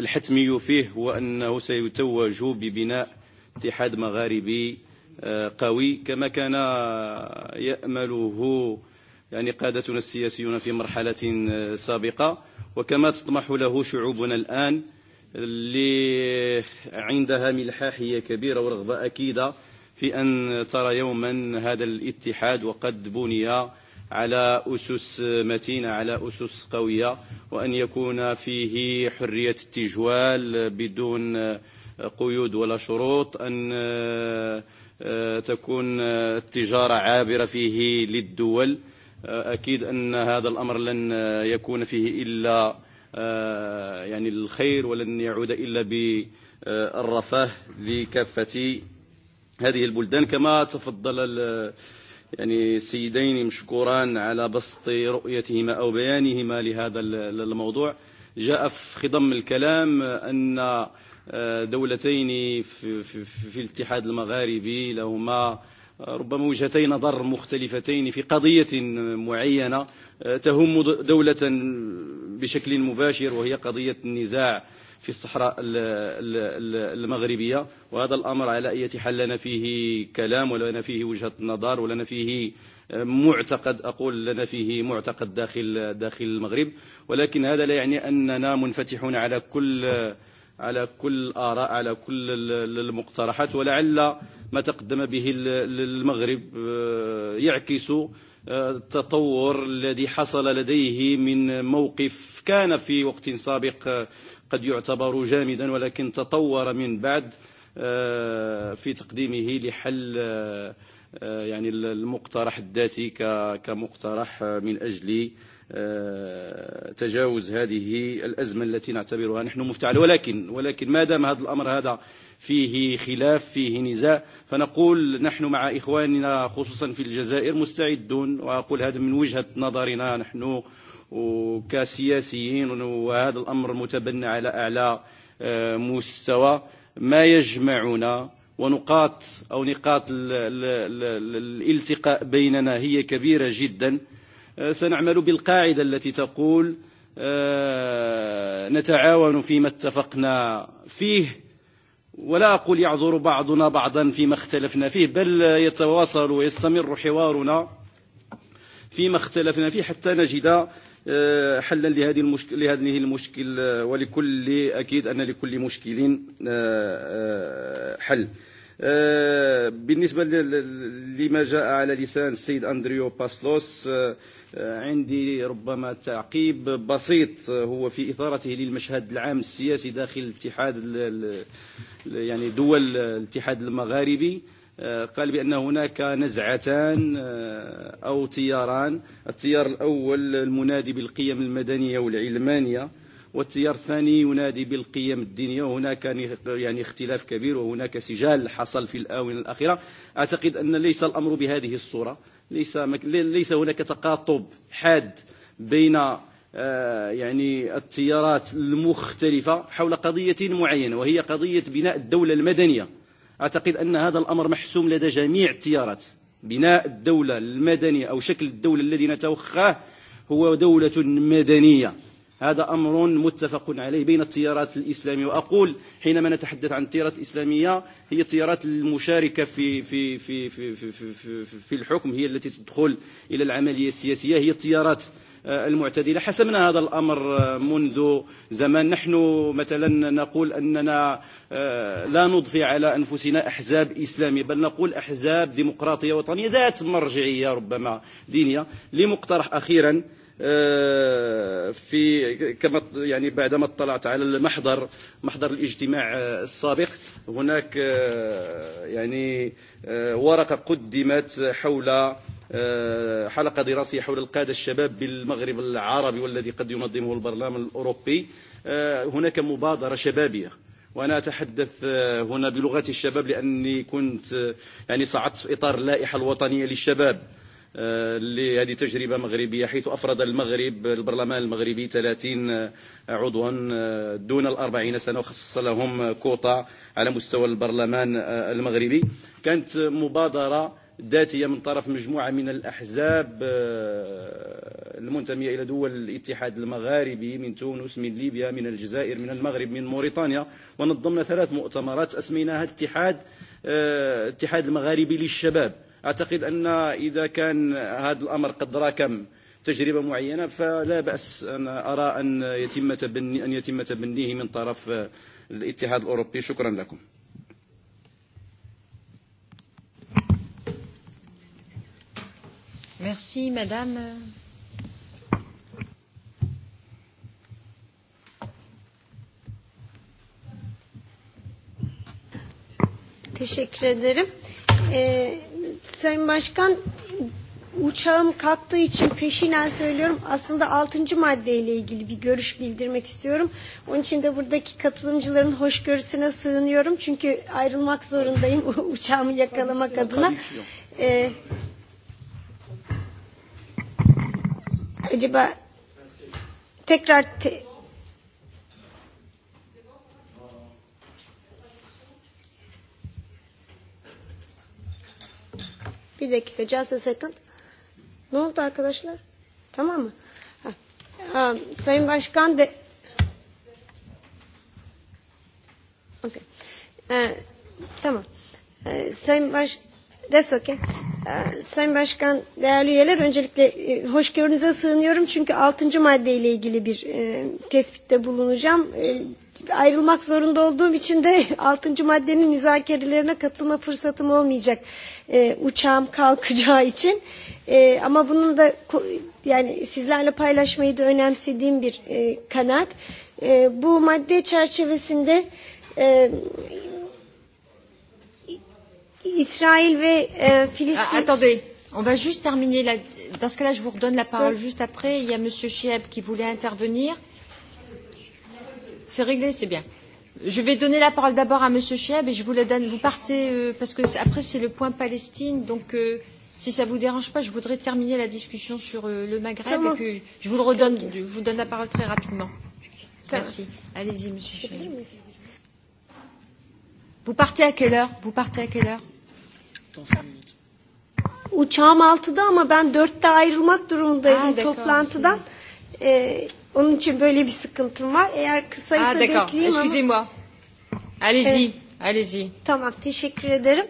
الحتمي فيه هو أنه سيتوج ببناء اتحاد مغاربي قوي كما كان يأمله يعني قادتنا السياسيون في مرحلة سابقة وكما تطمح له شعوبنا الآن اللي عندها ملحاحية كبيرة ورغبة أكيدة في أن ترى يوما هذا الاتحاد وقد بني على أسس متينة على أسس قوية وأن يكون فيه حرية التجوال بدون قيود ولا شروط أن تكون التجارة عابرة فيه للدول أكيد أن هذا الأمر لن يكون فيه إلا يعني الخير ولن يعود إلا بالرفاه لكافة هذه البلدان كما تفضل يعني سيدين مشكوران على بسط رؤيتهما أو بيانهما لهذا الموضوع جاء في خضم الكلام أن دولتين في, في, في الاتحاد المغاربي لهما ربما وجهتي نظر مختلفتين في قضية معينة تهم دولة بشكل مباشر وهي قضية النزاع في الصحراء المغربية وهذا الأمر على أي حال لنا فيه كلام ولنا فيه وجهة نظر ولنا فيه معتقد أقول لنا فيه معتقد داخل داخل المغرب ولكن هذا لا يعني أننا منفتحون على كل على كل الآراء على كل المقترحات ولعل ما تقدم به المغرب يعكس التطور الذي حصل لديه من موقف كان في وقت سابق قد يعتبر جامدا ولكن تطور من بعد في تقديمه لحل يعني المقترح الذاتي كمقترح من أجل تجاوز هذه الأزمة التي نعتبرها نحن مفتعلة ولكن ولكن ما دام هذا الأمر هذا فيه خلاف فيه نزاع فنقول نحن مع إخواننا خصوصا في الجزائر مستعدون وأقول هذا من وجهة نظرنا نحن كسياسيين وهذا الأمر متبنى على أعلى مستوى ما يجمعنا ونقاط أو نقاط الالتقاء بيننا هي كبيرة جداً سنعمل بالقاعدة التي تقول نتعاون فيما اتفقنا فيه ولا أقول يعذر بعضنا بعضا فيما اختلفنا فيه بل يتواصل ويستمر حوارنا فيما اختلفنا فيه حتى نجد حلا لهذه المشكل لهذه المشكل ولكل اكيد ان لكل مشكل حل بالنسبه لما جاء على لسان السيد اندريو باسلوس عندي ربما تعقيب بسيط هو في إثارته للمشهد العام السياسي داخل الاتحاد يعني دول الاتحاد المغاربي قال بأن هناك نزعتان أو تياران التيار الأول المنادي بالقيم المدنية والعلمانية والتيار الثاني ينادي بالقيم الدينيه وهناك يعني اختلاف كبير وهناك سجال حصل في الاونه الاخيره اعتقد ان ليس الامر بهذه الصوره ليس ليس هناك تقاطب حاد بين يعني التيارات المختلفة حول قضية معينة وهي قضية بناء الدولة المدنية أعتقد أن هذا الأمر محسوم لدى جميع التيارات بناء الدولة المدنية أو شكل الدولة الذي نتوخاه هو دولة مدنية هذا أمر متفق عليه بين التيارات الإسلامية وأقول حينما نتحدث عن التيارات الإسلامية هي التيارات المشاركة في, في, في, في, في, في, في الحكم هي التي تدخل إلى العملية السياسية هي التيارات المعتدلة حسمنا هذا الأمر منذ زمان نحن مثلا نقول أننا لا نضفي على أنفسنا أحزاب إسلامية بل نقول أحزاب ديمقراطية وطنية ذات مرجعية ربما دينية لمقترح أخيرا في كما يعني بعدما اطلعت على المحضر محضر الاجتماع السابق هناك يعني ورقه قدمت حول حلقه دراسيه حول القاده الشباب بالمغرب العربي والذي قد ينظمه البرلمان الاوروبي هناك مبادره شبابيه وانا اتحدث هنا بلغه الشباب لاني كنت يعني صعدت في اطار اللائحه الوطنيه للشباب لهذه تجربة مغربية حيث أفرض المغرب البرلمان المغربي 30 عضوا دون الأربعين سنة وخصص لهم كوطة على مستوى البرلمان المغربي كانت مبادرة ذاتية من طرف مجموعة من الأحزاب المنتمية إلى دول الاتحاد المغاربي من تونس من ليبيا من الجزائر من المغرب من موريتانيا ونظمنا ثلاث مؤتمرات أسميناها اتحاد اتحاد المغاربي للشباب أعتقد أن إذا كان هذا الأمر قد راكم تجربة معينة فلا بأس أن أرى أن يتم تبني أن يتم تبنيه من طرف الاتحاد الأوروبي شكرا لكم Merci, Madame. Teşekkür ederim. Ee, Sayın Başkan uçağım kalktığı için peşinen söylüyorum. Aslında 6. maddeyle ilgili bir görüş bildirmek istiyorum. Onun için de buradaki katılımcıların hoşgörüsüne sığınıyorum. Çünkü ayrılmak zorundayım uçağımı yakalamak adına. Ee, acaba tekrar te Bir dakika just a second. Ne oldu arkadaşlar? Tamam mı? Ha. Ha, Sayın Başkan de... Okay. Ee, tamam. Ee, Sayın Baş... That's okay. Ee, Sayın Başkan, değerli üyeler, öncelikle e, hoşgörünüze sığınıyorum çünkü 6. maddeyle ilgili bir e, tespitte bulunacağım. E, ayrılmak zorunda olduğum için de 6. maddenin müzakerelerine katılma fırsatım olmayacak e, uçağım kalkacağı için. E, ama bunun da yani sizlerle paylaşmayı da önemsediğim bir e, kanaat. E, bu madde çerçevesinde e, İsrail ve e, Filistin... Ah, attendez, on va juste terminer la... Dans ce cas-là, je vous redonne la parole juste après. Il y a Monsieur Chieb qui voulait intervenir. Euh, C'est réglé, c'est bien. Je vais donner la parole d'abord à Monsieur Chiab et je vous la donne. Vous partez euh, parce que après c'est le point Palestine, donc euh, si ça vous dérange pas, je voudrais terminer la discussion sur euh, le Maghreb et puis je vous le redonne. Je vous donne la parole très rapidement. Merci. Allez-y, Monsieur Chiab. Vous partez à quelle heure Vous partez à quelle heure Uçağım 6'da ama ben 4'te ayrılmak durumundaydım ha, ah, toplantıdan. Ee, Onun için böyle bir sıkıntım var. Eğer kısaysa ah, bekleyeyim ama... Excusez-moi. Allez-y. Evet. Allez-y. Tamam, teşekkür ederim.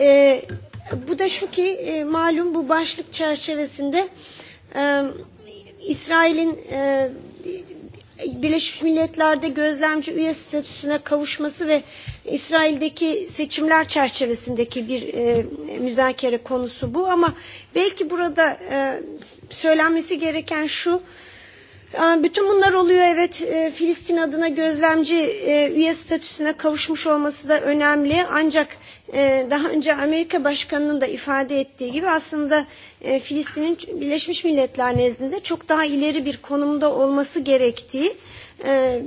Ee, bu da şu ki e, malum bu başlık çerçevesinde e, İsrail'in e, Birleşmiş Milletler'de gözlemci üye statüsüne kavuşması ve İsrail'deki seçimler çerçevesindeki bir e, müzakere konusu bu ama belki burada e, söylenmesi gereken şu e, Yani bütün bunlar oluyor. Evet e, Filistin adına gözlemci e, üye statüsüne kavuşmuş olması da önemli. Ancak e, daha önce Amerika Başkanı'nın da ifade ettiği gibi aslında e, Filistin'in Birleşmiş Milletler nezdinde çok daha ileri bir konumda olması gerektiği e,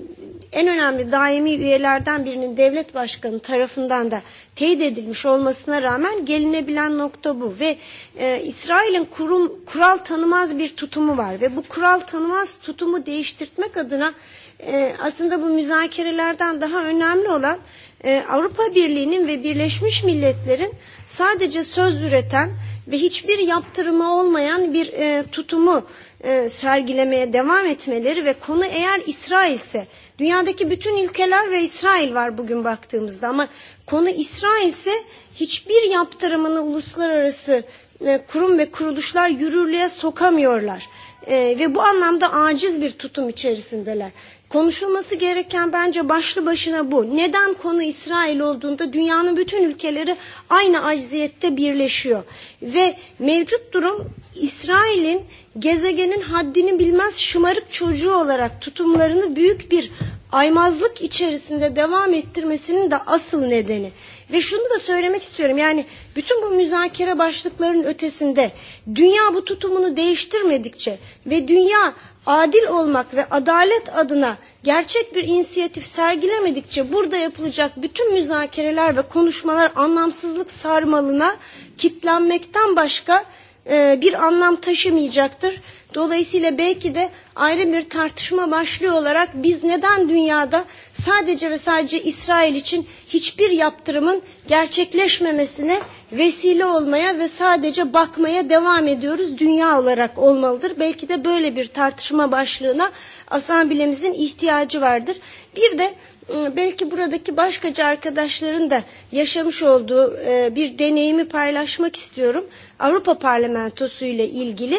en önemli daimi üyelerden birinin devlet başkanı tarafından da teyit edilmiş olmasına rağmen gelinebilen nokta bu ve e, İsrail'in kurum kural tanımaz bir tutumu var ve bu kural tanımaz tutumu değiştirtmek adına e, aslında bu müzakerelerden daha önemli olan e, Avrupa Birliği'nin ve Birleşmiş Milletler'in sadece söz üreten ve hiçbir yaptırımı olmayan bir e, tutumu e, e, sergilemeye devam etmeleri ve konu eğer İsrail ise dünyadaki bütün ülkeler ve İsrail var bugün baktığımızda ama konu İsrail ise hiçbir yaptırımını uluslararası e, kurum ve kuruluşlar yürürlüğe sokamıyorlar. E, ve bu anlamda aciz bir tutum içerisindeler. Konuşulması gereken bence başlı başına bu. Neden konu İsrail olduğunda dünyanın bütün ülkeleri aynı acziyette birleşiyor. Ve mevcut durum İsrail'in gezegenin haddini bilmez şımarık çocuğu olarak tutumlarını büyük bir aymazlık içerisinde devam ettirmesinin de asıl nedeni. Ve şunu da söylemek istiyorum yani bütün bu müzakere başlıklarının ötesinde dünya bu tutumunu değiştirmedikçe ve dünya adil olmak ve adalet adına gerçek bir inisiyatif sergilemedikçe burada yapılacak bütün müzakereler ve konuşmalar anlamsızlık sarmalına kitlenmekten başka e, bir anlam taşımayacaktır. Dolayısıyla belki de ayrı bir tartışma başlığı olarak biz neden dünyada sadece ve sadece İsrail için hiçbir yaptırımın gerçekleşmemesine vesile olmaya ve sadece bakmaya devam ediyoruz dünya olarak olmalıdır. Belki de böyle bir tartışma başlığına asamblemizin ihtiyacı vardır. Bir de belki buradaki başkacı arkadaşların da yaşamış olduğu e, bir deneyimi paylaşmak istiyorum. Avrupa Parlamentosu ile ilgili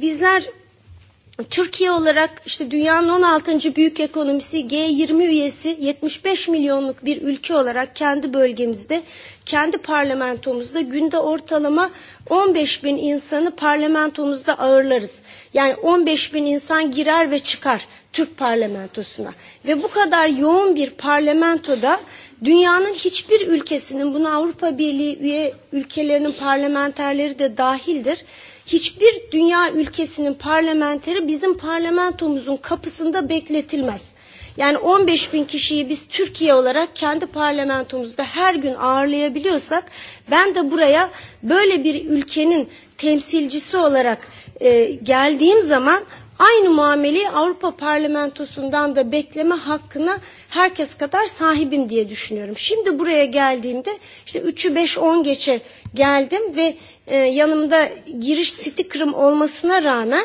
bizler Türkiye olarak işte dünyanın 16. büyük ekonomisi G20 üyesi 75 milyonluk bir ülke olarak kendi bölgemizde, kendi parlamentomuzda günde ortalama 15 bin insanı parlamentomuzda ağırlarız. Yani 15 bin insan girer ve çıkar Türk parlamentosuna ve bu kadar yoğun bir parlamentoda dünyanın hiçbir ülkesinin buna Avrupa Birliği üye ülkelerinin parlamenterleri de dahildir. Hiçbir dünya ülkesinin parlamenteri bizim parlamentomuzun kapısında bekletilmez. Yani 15 bin kişiyi biz Türkiye olarak kendi parlamentomuzda her gün ağırlayabiliyorsak ben de buraya böyle bir ülkenin temsilcisi olarak e, geldiğim zaman aynı muameleyi Avrupa Parlamentosu'ndan da bekleme hakkına herkes kadar sahibim diye düşünüyorum. Şimdi buraya geldiğimde işte 3'ü 5 10 geçe geldim ve e, yanımda giriş stikrim olmasına rağmen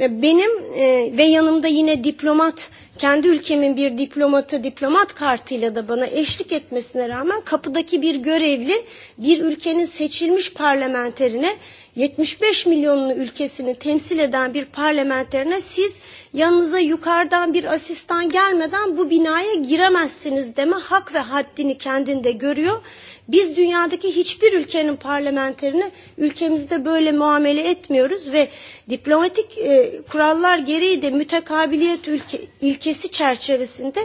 e, benim e, ve yanımda yine diplomat kendi ülkemin bir diplomatı diplomat kartıyla da bana eşlik etmesine rağmen kapıdaki bir görevli bir ülkenin seçilmiş parlamenterine 75 milyonlu ülkesini temsil eden bir parlamenterine siz yanınıza yukarıdan bir asistan gelmeden bu binaya giremezsiniz deme hak ve haddini kendinde görüyor. Biz dünyadaki hiçbir ülkenin parlamenterine ülkemizde böyle muamele etmiyoruz ve diplomatik e, kurallar gereği de mütekabiliyet ülke, ilkesi çerçevesinde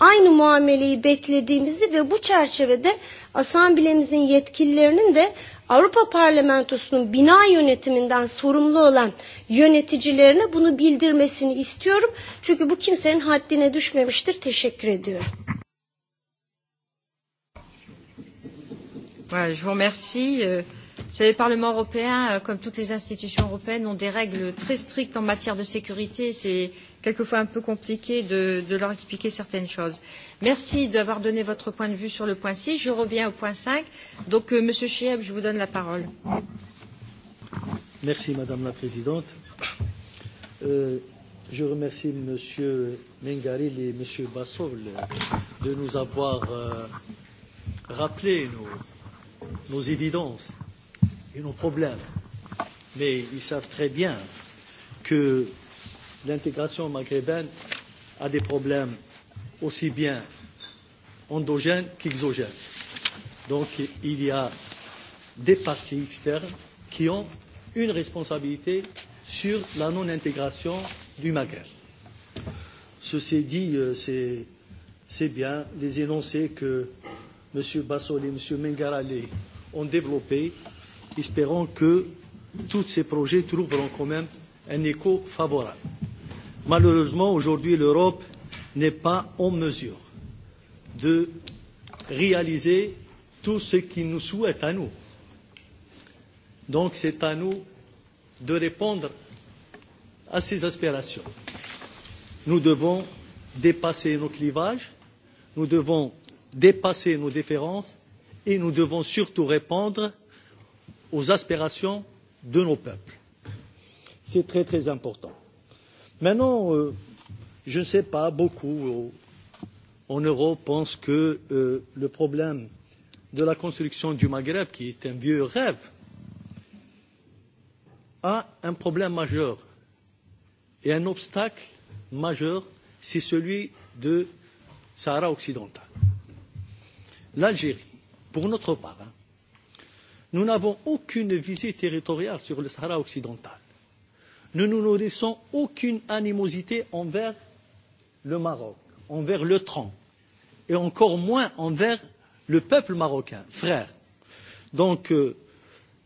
aynı muameleyi beklediğimizi ve bu çerçevede asamblemizin yetkililerinin de Avrupa Parlamentosu'nun bina yönetiminden sorumlu olan yöneticilerine bunu bildirmesini istiyorum. Çünkü bu kimsenin haddine düşmemiştir. Teşekkür ediyorum. Voilà, je vous remercie. Vous euh, savez, le Parlement européen, euh, comme toutes les institutions européennes, ont des règles très strictes en matière de sécurité. C'est quelquefois un peu compliqué de, de leur expliquer certaines choses. Merci d'avoir donné votre point de vue sur le point 6. Je reviens au point 5. Donc, euh, Monsieur Chieb, je vous donne la parole. Merci, Madame la Présidente. Euh, je remercie Monsieur Mengaril et Monsieur Bassol de nous avoir euh, rappelé nos, nos évidences et nos problèmes. Mais ils savent très bien que euh, l'intégration maghrébine a des problèmes aussi bien endogènes qu'exogènes. Donc il y a des parties externes qui ont une responsabilité sur la non-intégration du Maghreb. Ceci dit, euh, c'est bien les énoncés que M. Bassoli et M. Mengarale ont développés. Espérons que tous ces projets trouveront quand même un écho favorable. Malheureusement, aujourd'hui, l'Europe n'est pas en mesure de réaliser tout ce qu'il nous souhaite à nous. Donc, c'est à nous de répondre à ces aspirations. Nous devons dépasser nos clivages, nous devons dépasser nos différences et nous devons surtout répondre aux aspirations de nos peuples. C'est très très important. Maintenant, euh, je ne sais pas, beaucoup euh, en Europe pensent que euh, le problème de la construction du Maghreb, qui est un vieux rêve, a un problème majeur et un obstacle majeur, c'est celui de Sahara occidental. L'Algérie, pour notre part, hein, nous n'avons aucune visée territoriale sur le Sahara occidental nous ne nourrissons aucune animosité envers le Maroc, envers l'OTAN, et encore moins envers le peuple marocain, frère. Donc, euh,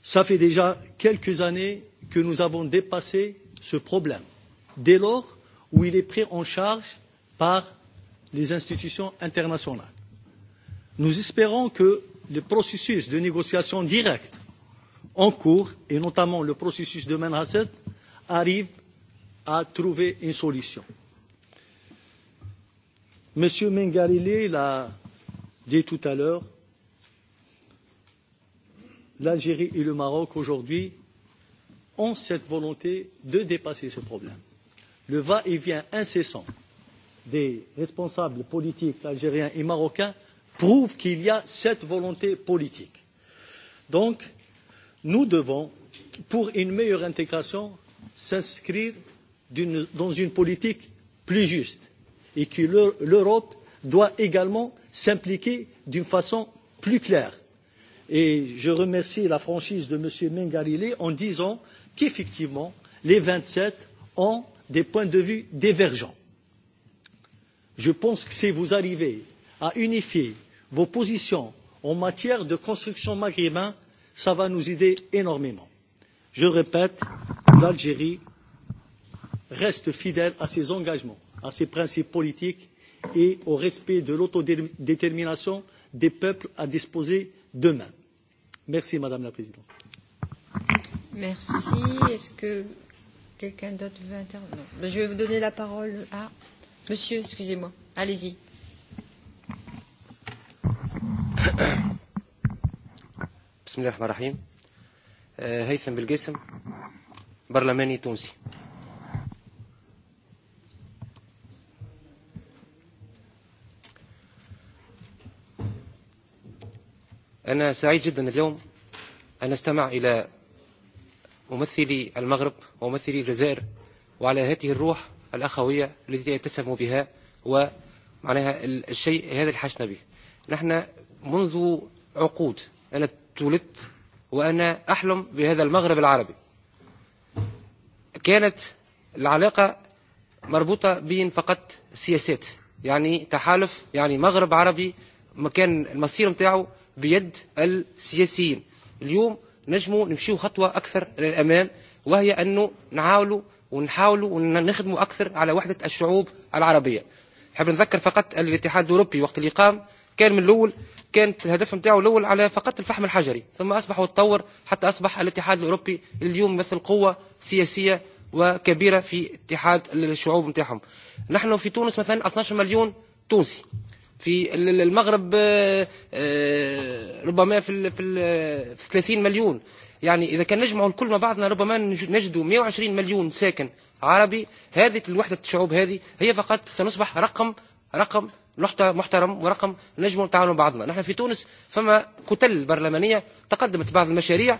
ça fait déjà quelques années que nous avons dépassé ce problème, dès lors où il est pris en charge par les institutions internationales. Nous espérons que le processus de négociation directe en cours, et notamment le processus de Manhasset, arrive à trouver une solution. Monsieur Mengarile l'a dit tout à l'heure, l'Algérie et le Maroc aujourd'hui ont cette volonté de dépasser ce problème. Le va-et-vient incessant des responsables politiques algériens et marocains prouve qu'il y a cette volonté politique. Donc, nous devons, pour une meilleure intégration, s'inscrire d'une, dans une politique plus juste et que l'Europe doit également s'impliquer d'une façon plus claire. Et je remercie la franchise de M. Mengarile en disant qu'effectivement, les 27 ont des points de vue divergents. Je pense que si vous arrivez à unifier vos positions en matière de construction maghrébin, ça va nous aider énormément. Je répète, l'Algérie reste fidèle à ses engagements, à ses principes politiques et au respect de l'autodétermination des peuples à disposer d'eux-mêmes. Merci, Madame la Présidente. Merci. Est-ce que quelqu'un d'autre veut intervenir non. Je vais vous donner la parole à Monsieur. Excusez-moi. Allez-y. بسم الله الرحمن الرحيم هيثم بالجسم برلماني تونسي أنا سعيد جدا اليوم أن أستمع إلى ممثلي المغرب وممثلي الجزائر وعلى هذه الروح الأخوية التي يتسم بها ومعناها الشيء هذا الحشن به نحن منذ عقود أنا تولدت وأنا أحلم بهذا المغرب العربي كانت العلاقة مربوطة بين فقط سياسات يعني تحالف يعني مغرب عربي مكان المصير متاعه بيد السياسيين اليوم نجموا نمشيو خطوة أكثر للأمام وهي أنه نعاولوا ونحاولوا ونخدموا أكثر على وحدة الشعوب العربية حاب نذكر فقط الاتحاد الأوروبي وقت اللي قام كان من الاول كانت الهدف نتاعو الاول على فقط الفحم الحجري ثم اصبح وتطور حتى اصبح الاتحاد الاوروبي اليوم مثل قوه سياسيه وكبيره في اتحاد الشعوب نتاعهم نحن في تونس مثلا 12 مليون تونسي في المغرب ربما في في 30 مليون يعني اذا كان نجمعوا الكل مع بعضنا ربما نجدوا 120 مليون ساكن عربي هذه الوحده الشعوب هذه هي فقط سنصبح رقم رقم محترم ورقم نجم نتعاونوا بعضنا نحن في تونس فما كتل برلمانية تقدمت بعض المشاريع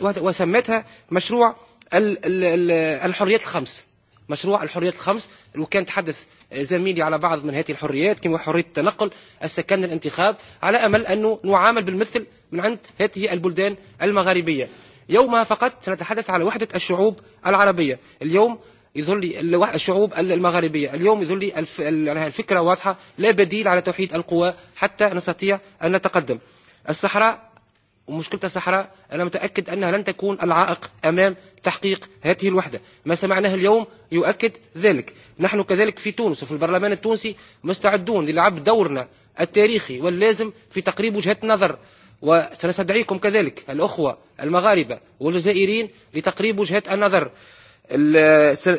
وسمتها مشروع الحريات الخمس مشروع الحريات الخمس وكان تحدث زميلي على بعض من هذه الحريات كما حرية التنقل السكن الانتخاب على أمل أنه نعامل بالمثل من عند هذه البلدان المغاربية يومها فقط سنتحدث على وحدة الشعوب العربية اليوم يظل الشعوب المغاربية اليوم يظل الفكرة واضحة لا بديل على توحيد القوى حتى نستطيع أن نتقدم الصحراء ومشكلة الصحراء أنا متأكد أنها لن تكون العائق أمام تحقيق هذه الوحدة ما سمعناه اليوم يؤكد ذلك نحن كذلك في تونس وفي البرلمان التونسي مستعدون للعب دورنا التاريخي واللازم في تقريب وجهة نظر وسنستدعيكم كذلك الأخوة المغاربة والجزائريين لتقريب وجهة النظر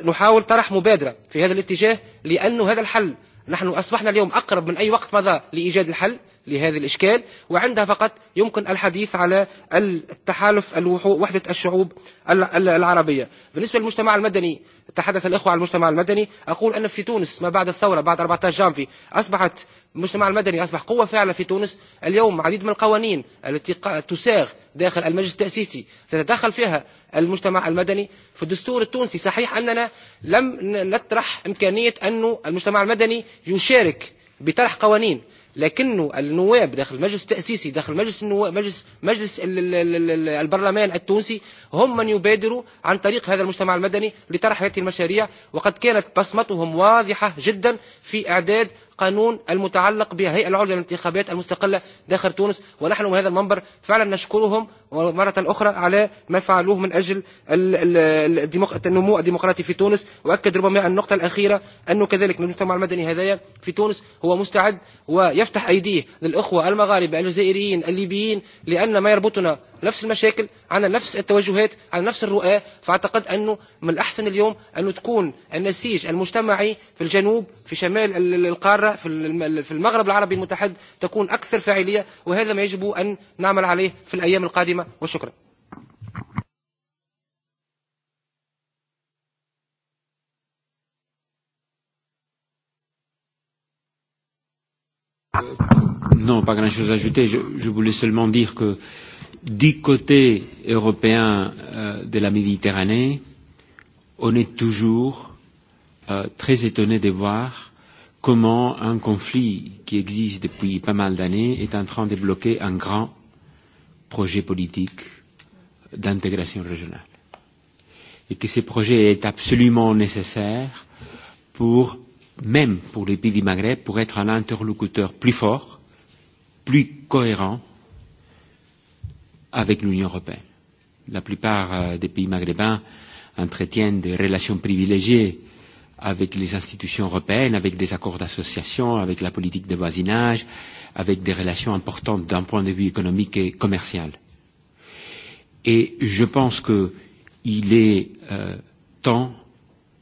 نحاول طرح مبادرة في هذا الاتجاه لأن هذا الحل نحن أصبحنا اليوم أقرب من أي وقت مضى لإيجاد الحل لهذا الإشكال وعندها فقط يمكن الحديث على التحالف وحدة الشعوب العربية بالنسبة للمجتمع المدني تحدث الإخوة عن المجتمع المدني أقول أن في تونس ما بعد الثورة بعد 14 جانفي أصبحت المجتمع المدني أصبح قوة فاعلة في تونس اليوم عديد من القوانين التي تساغ داخل المجلس التأسيسي تتدخل فيها المجتمع المدني في الدستور التونسي صحيح أننا لم نطرح إمكانية أن المجتمع المدني يشارك بطرح قوانين لكن النواب داخل المجلس التأسيسي داخل مجلس النواب مجلس مجلس البرلمان التونسي هم من يبادروا عن طريق هذا المجتمع المدني لطرح هذه المشاريع وقد كانت بصمتهم واضحة جدا في إعداد القانون المتعلق بهيئة العليا للانتخابات المستقلة داخل تونس ونحن من هذا المنبر فعلا نشكرهم مرة أخرى على ما فعلوه من أجل النمو الديمقراطي في تونس وأكد ربما النقطة الأخيرة أنه كذلك من المجتمع المدني هذايا في تونس هو مستعد ويفتح أيديه للإخوة المغاربة الجزائريين الليبيين لأن ما يربطنا نفس المشاكل عندنا نفس التوجهات عندنا نفس الرؤى فأعتقد أنه من الأحسن اليوم أنه تكون النسيج المجتمعي في الجنوب في شمال القارة في المغرب العربي المتحد تكون أكثر فاعلية وهذا ما يجب أن نعمل عليه في الأيام القادمة وشكرا Non, pas grand-chose à ajouter. Je, je voulais seulement dire que euh, du côté européen euh, de la Méditerranée, on est toujours euh, très étonné de voir comment un conflit qui existe depuis pas mal d'années est en train de bloquer un grand projet politique d'intégration régionale. Et que ce projet est absolument nécessaire pour, même pour les pays du Maghreb, pour être un interlocuteur plus fort, plus cohérent avec l'Union européenne. La plupart euh, des pays maghrébins entretiennent des relations privilégiées avec les institutions européennes, avec des accords d'association, avec la politique de voisinage, avec des relations importantes d'un point de vue économique et commercial. Et je pense qu'il est euh, temps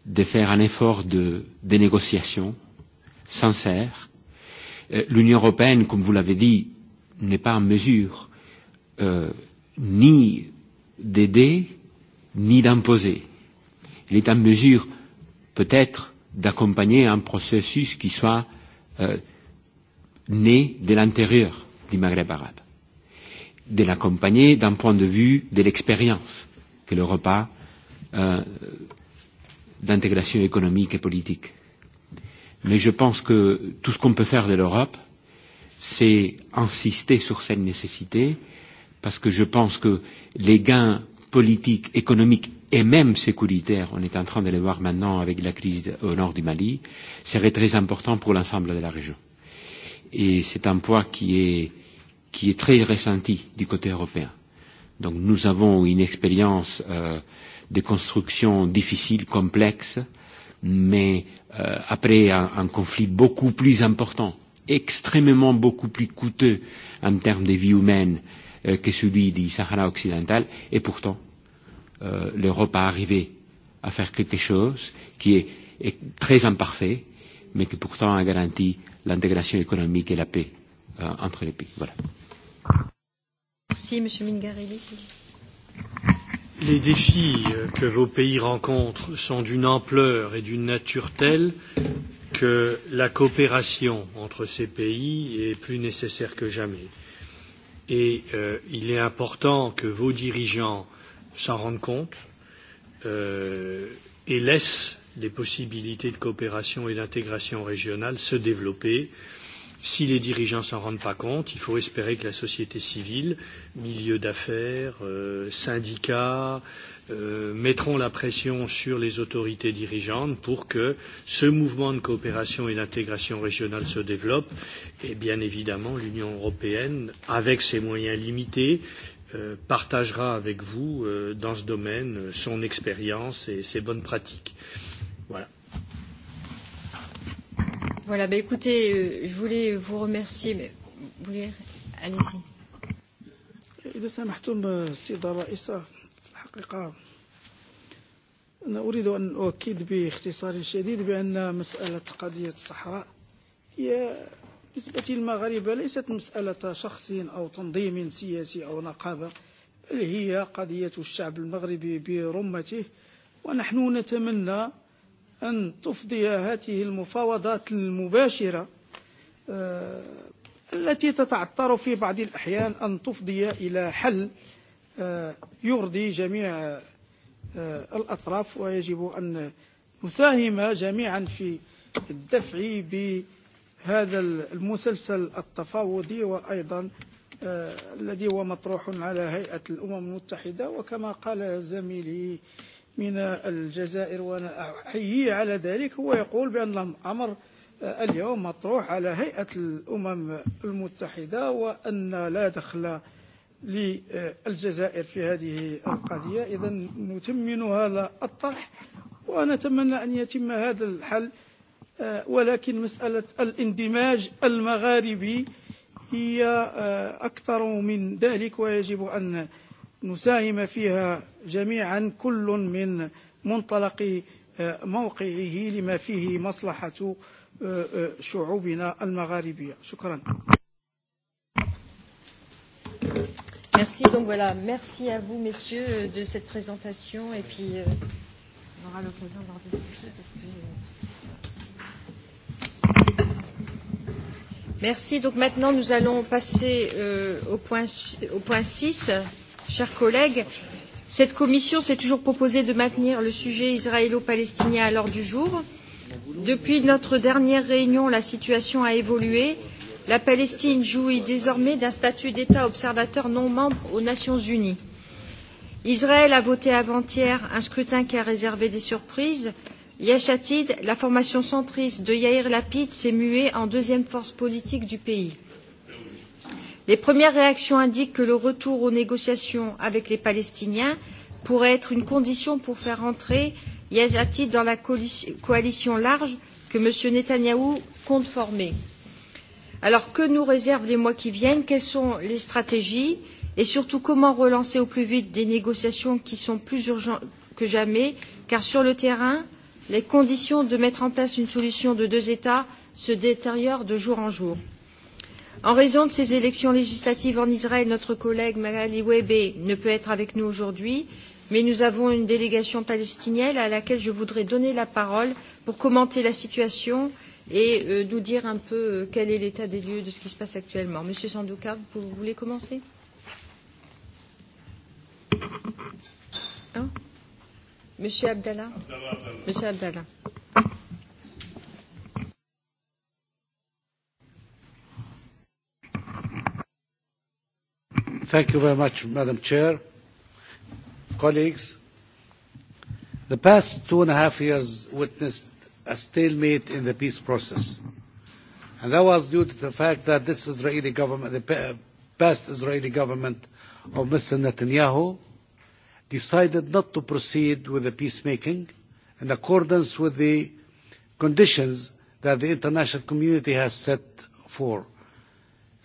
de faire un effort de, de négociation sincère. Euh, L'Union européenne, comme vous l'avez dit, n'est pas en mesure euh, ni d'aider, ni d'imposer. Il est en mesure, peut-être, d'accompagner un processus qui soit euh, né de l'intérieur du Maghreb arabe, de l'accompagner d'un point de vue de l'expérience que le repas euh, d'intégration économique et politique. Mais je pense que tout ce qu'on peut faire de l'Europe, c'est insister sur cette nécessité parce que je pense que les gains politiques, économiques et même sécuritaires, on est en train de les voir maintenant avec la crise au nord du Mali, seraient très importants pour l'ensemble de la région. Et c'est un poids qui est, qui est très ressenti du côté européen. Donc nous avons une expérience euh, de construction difficile, complexe, mais euh, après un, un conflit beaucoup plus important, extrêmement beaucoup plus coûteux en termes de vie humaine, euh, que celui du Sahara occidental. Et pourtant, euh, l'Europe a arrivé à faire quelque chose qui est, est très imparfait, mais qui pourtant a garanti l'intégration économique et la paix euh, entre les pays. Voilà. Merci, Monsieur Mingarelli. Les défis euh, que vos pays rencontrent sont d'une ampleur et d'une nature telle que la coopération entre ces pays est plus nécessaire que jamais. Euh, Et euh, il est important que vos dirigeants s'en rendent compte euh, et laissent les possibilités de coopération et d'intégration régionale se développer. Si les dirigeants s'en rendent pas compte, il faut espérer que la société civile, milieu d'affaires, euh, syndicats, euh, mettront la pression sur les autorités dirigeantes pour que ce mouvement de coopération et d'intégration régionale se développe. Et bien évidemment, l'Union européenne, avec ses moyens limités, euh, partagera avec vous, euh, dans ce domaine, son expérience et ses bonnes pratiques. Voilà. Voilà, bah écoutez, euh, je voulais vous remercier, mais vous voulez, allez-y. إذا سمحتم السيدة الرئيسة الحقيقة أنا أريد أن أؤكد باختصار شديد بأن مسألة قضية الصحراء هي بالنسبة للمغاربة ليست مسألة شخص أو تنظيم سياسي أو نقابة بل هي قضية الشعب المغربي برمته ونحن نتمنى أن تفضي هذه المفاوضات المباشرة التي تتعثر في بعض الأحيان أن تفضي إلى حل يرضي جميع الأطراف ويجب أن نساهم جميعا في الدفع بهذا المسلسل التفاوضي وأيضا الذي هو مطروح على هيئة الأمم المتحدة وكما قال زميلي من الجزائر وأنا أحييه على ذلك هو يقول بأن الأمر اليوم مطروح على هيئة الأمم المتحدة وأن لا دخل للجزائر في هذه القضية إذا نثمن هذا الطرح ونتمنى أن يتم هذا الحل ولكن مسألة الاندماج المغاربي هي أكثر من ذلك ويجب أن نساهم فيها جميعا كل من منطلق موقعه لما فيه مصلحة شعوبنا المغاربية شكرا Merci. Donc voilà, merci à vous, messieurs, euh, de cette présentation. Et puis, euh, on aura l'occasion d'en discuter. Parce que, euh... Merci. Donc maintenant, nous allons passer euh, au, point, au point 6. Chers collègues, cette commission s'est toujours proposée de maintenir le sujet israélo-palestinien à l'ordre du jour. Depuis notre dernière réunion, la situation a évolué la Palestine jouit désormais d'un statut d'État observateur non membre aux Nations Unies. Israël a voté avant-hier un scrutin qui a réservé des surprises. Yachatid, la formation centriste de Yair Lapid, s'est muée en deuxième force politique du pays. Les premières réactions indiquent que le retour aux négociations avec les Palestiniens pourrait être une condition pour faire entrer Yazati dans la coalition large que M. Netanyahou compte former. Alors que nous réservent les mois qui viennent Quelles sont les stratégies Et surtout, comment relancer au plus vite des négociations qui sont plus urgentes que jamais Car sur le terrain, les conditions de mettre en place une solution de deux États se détériorent de jour en jour. En raison de ces élections législatives en Israël, notre collègue Magali Webe ne peut être avec nous aujourd'hui, mais nous avons une délégation palestinienne à laquelle je voudrais donner la parole pour commenter la situation et et euh, nous dire un peu euh, quel est l'état des lieux de ce qui se passe actuellement. Monsieur Sandoka, vous, vous voulez commencer hein Monsieur Abdallah Monsieur Abdallah. Thank you very much, Madam Chair. Colleagues, the past two and a half years witnessed a stalemate in the peace process. And that was due to the fact that this Israeli government, the past Israeli government of Mr. Netanyahu, decided not to proceed with the peacemaking in accordance with the conditions that the international community has set for.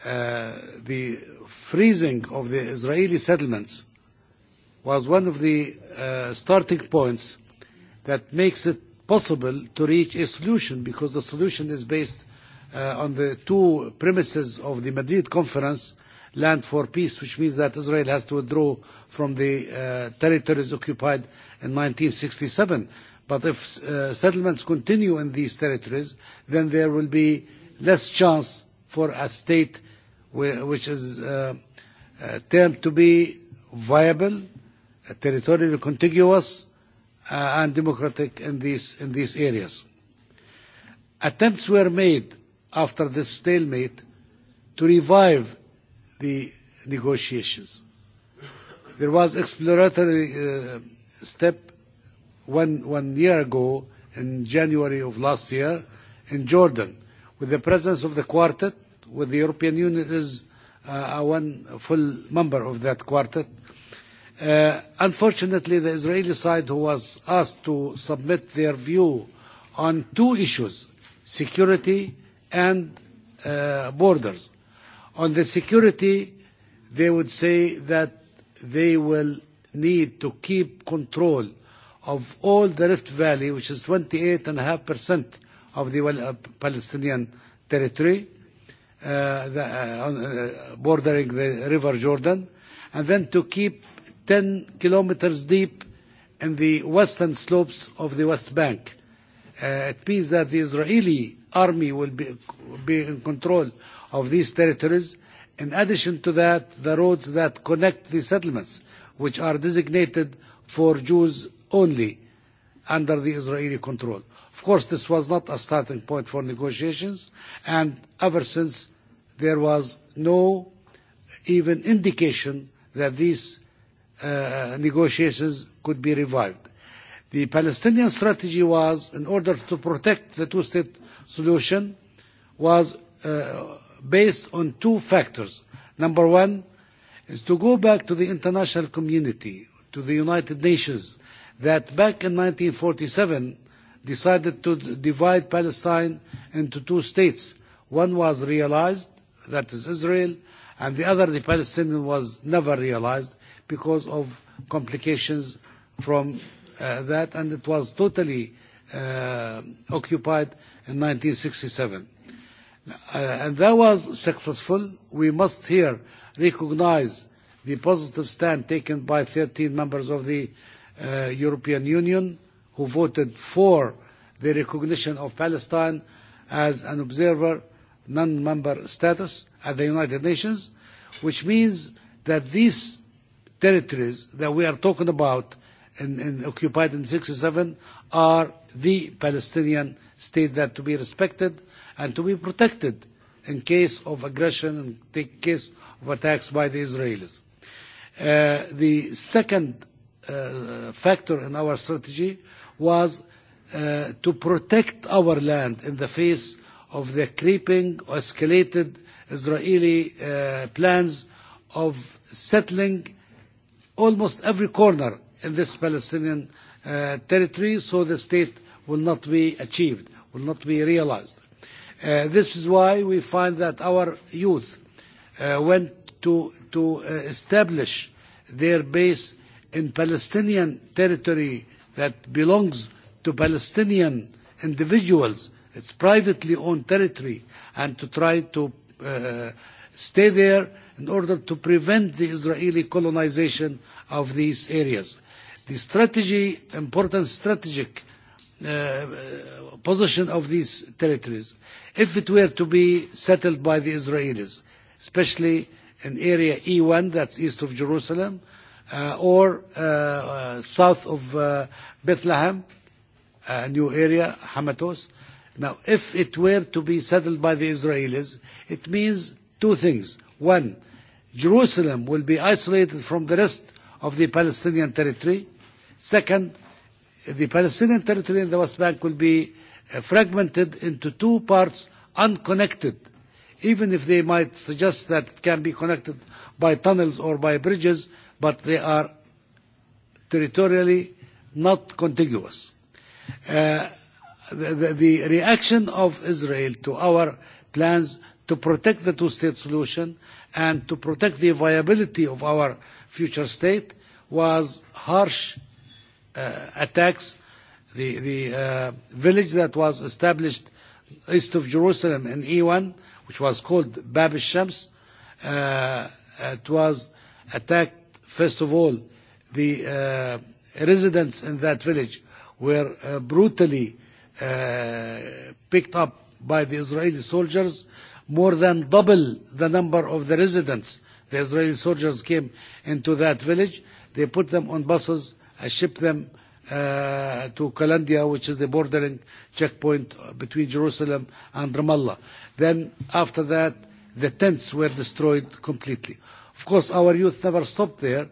Uh, the freezing of the Israeli settlements was one of the uh, starting points that makes it possible to reach a solution because the solution is based uh, on the two premises of the Madrid conference, land for peace, which means that Israel has to withdraw from the uh, territories occupied in 1967. But if uh, settlements continue in these territories, then there will be less chance for a state wh which is uh, uh, termed to be viable, uh, territorially contiguous, uh, and democratic in these, in these areas. Attempts were made after this stalemate to revive the negotiations. There was exploratory uh, step one, one year ago in January of last year in Jordan with the presence of the quartet, with the European Union is uh, one full member of that quartet. Uh, Uh, unfortunately, the Israeli side who was asked to submit their view on two issues, security and uh, borders. On the security, they would say that they will need to keep control of all the Rift Valley, which is 28.5% of the uh, Palestinian territory, uh, the, uh, uh, bordering the River Jordan, and then to keep 10 kilometers deep in the western slopes of the West Bank. Uh, it means that the Israeli army will be, be in control of these territories. In addition to that, the roads that connect the settlements, which are designated for Jews only under the Israeli control. Of course, this was not a starting point for negotiations, and ever since, there was no even indication that these uh, negotiations could be revived. The Palestinian strategy was, in order to protect the two-state solution, was uh, based on two factors. Number one is to go back to the international community, to the United Nations, that back in 1947 decided to divide Palestine into two states. One was realized, that is Israel, and the other, the Palestinian, was never realized because of complications from uh, that, and it was totally uh, occupied in 1967. Uh, and that was successful. We must here recognize the positive stand taken by 13 members of the uh, European Union who voted for the recognition of Palestine as an observer non-member status at the United Nations, which means that this territories that we are talking about in, in occupied in 67 are the Palestinian state that to be respected and to be protected in case of aggression and in case of attacks by the Israelis. Uh, the second uh, factor in our strategy was uh, to protect our land in the face of the creeping, escalated Israeli uh, plans of settling almost every corner in this Palestinian uh, territory, so the state will not be achieved, will not be realized. Uh, this is why we find that our youth uh, went to, to uh, establish their base in Palestinian territory that belongs to Palestinian individuals. It's privately owned territory, and to try to uh, stay there in order to prevent the Israeli colonization of these areas. The strategy, important strategic uh, position of these territories, if it were to be settled by the Israelis, especially in area E1, that's east of Jerusalem, uh, or uh, uh, south of uh, Bethlehem, a uh, new area, Hamatos. Now, if it were to be settled by the Israelis, it means two things. One, Jerusalem will be isolated from the rest of the Palestinian territory. Second, the Palestinian territory in the West Bank will be uh, fragmented into two parts unconnected, even if they might suggest that it can be connected by tunnels or by bridges, but they are territorially not contiguous. Uh, the, the, the reaction of Israel to our plans to protect the two-state solution and to protect the viability of our future state was harsh uh, attacks. The, the uh, village that was established east of Jerusalem in E1, which was called Bab al-Shams, uh, it was attacked, first of all, the uh, residents in that village were uh, brutally uh, picked up by the Israeli soldiers. Uh, more than double the number of the residents. The Israeli soldiers came into that village. They put them on buses and uh, shipped them uh, to Kalandia, which is the bordering checkpoint between Jerusalem and Ramallah. Then, after that, the tents were destroyed completely. Of course, our youth never stopped there.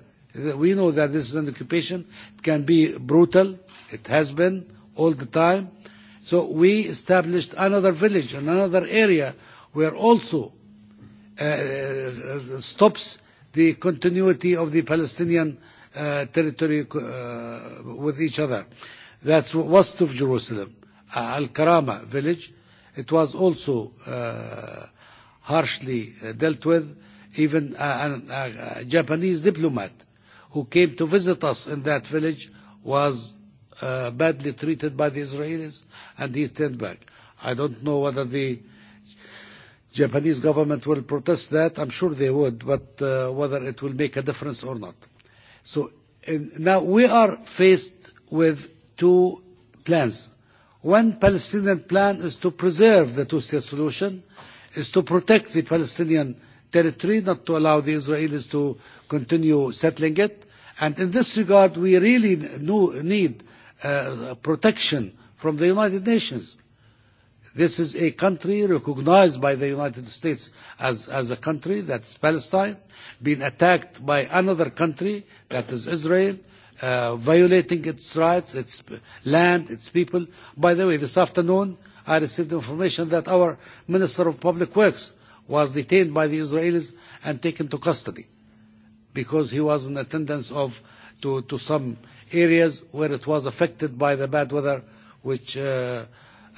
Uh, we know that this is an occupation. It can be brutal. It has been all the time. So we established another village and another area were also uh, uh, stops the continuity of the Palestinian uh, territory uh, with each other. That's west of Jerusalem, uh, Al-Karama village. It was also uh, harshly uh, dealt with. Even a, a, a Japanese diplomat who came to visit us in that village was uh, badly treated by the Israelis, and he turned back. I don't know whether the uh, Japanese government will protest that. I'm sure they would, but uh, whether it will make a difference or not. So and now we are faced with two plans. One Palestinian plan is to preserve the two-state solution, is to protect the Palestinian territory, not to allow the Israelis to continue settling it. And in this regard, we really need uh, protection from the United Nations. Uh, This is a country recognized by the United States as, as a country, that's Palestine, being attacked by another country, that is Israel, uh, violating its rights, its land, its people. By the way, this afternoon I received information that our Minister of Public Works was detained by the Israelis and taken to custody because he was in attendance of to, to some areas where it was affected by the bad weather which uh,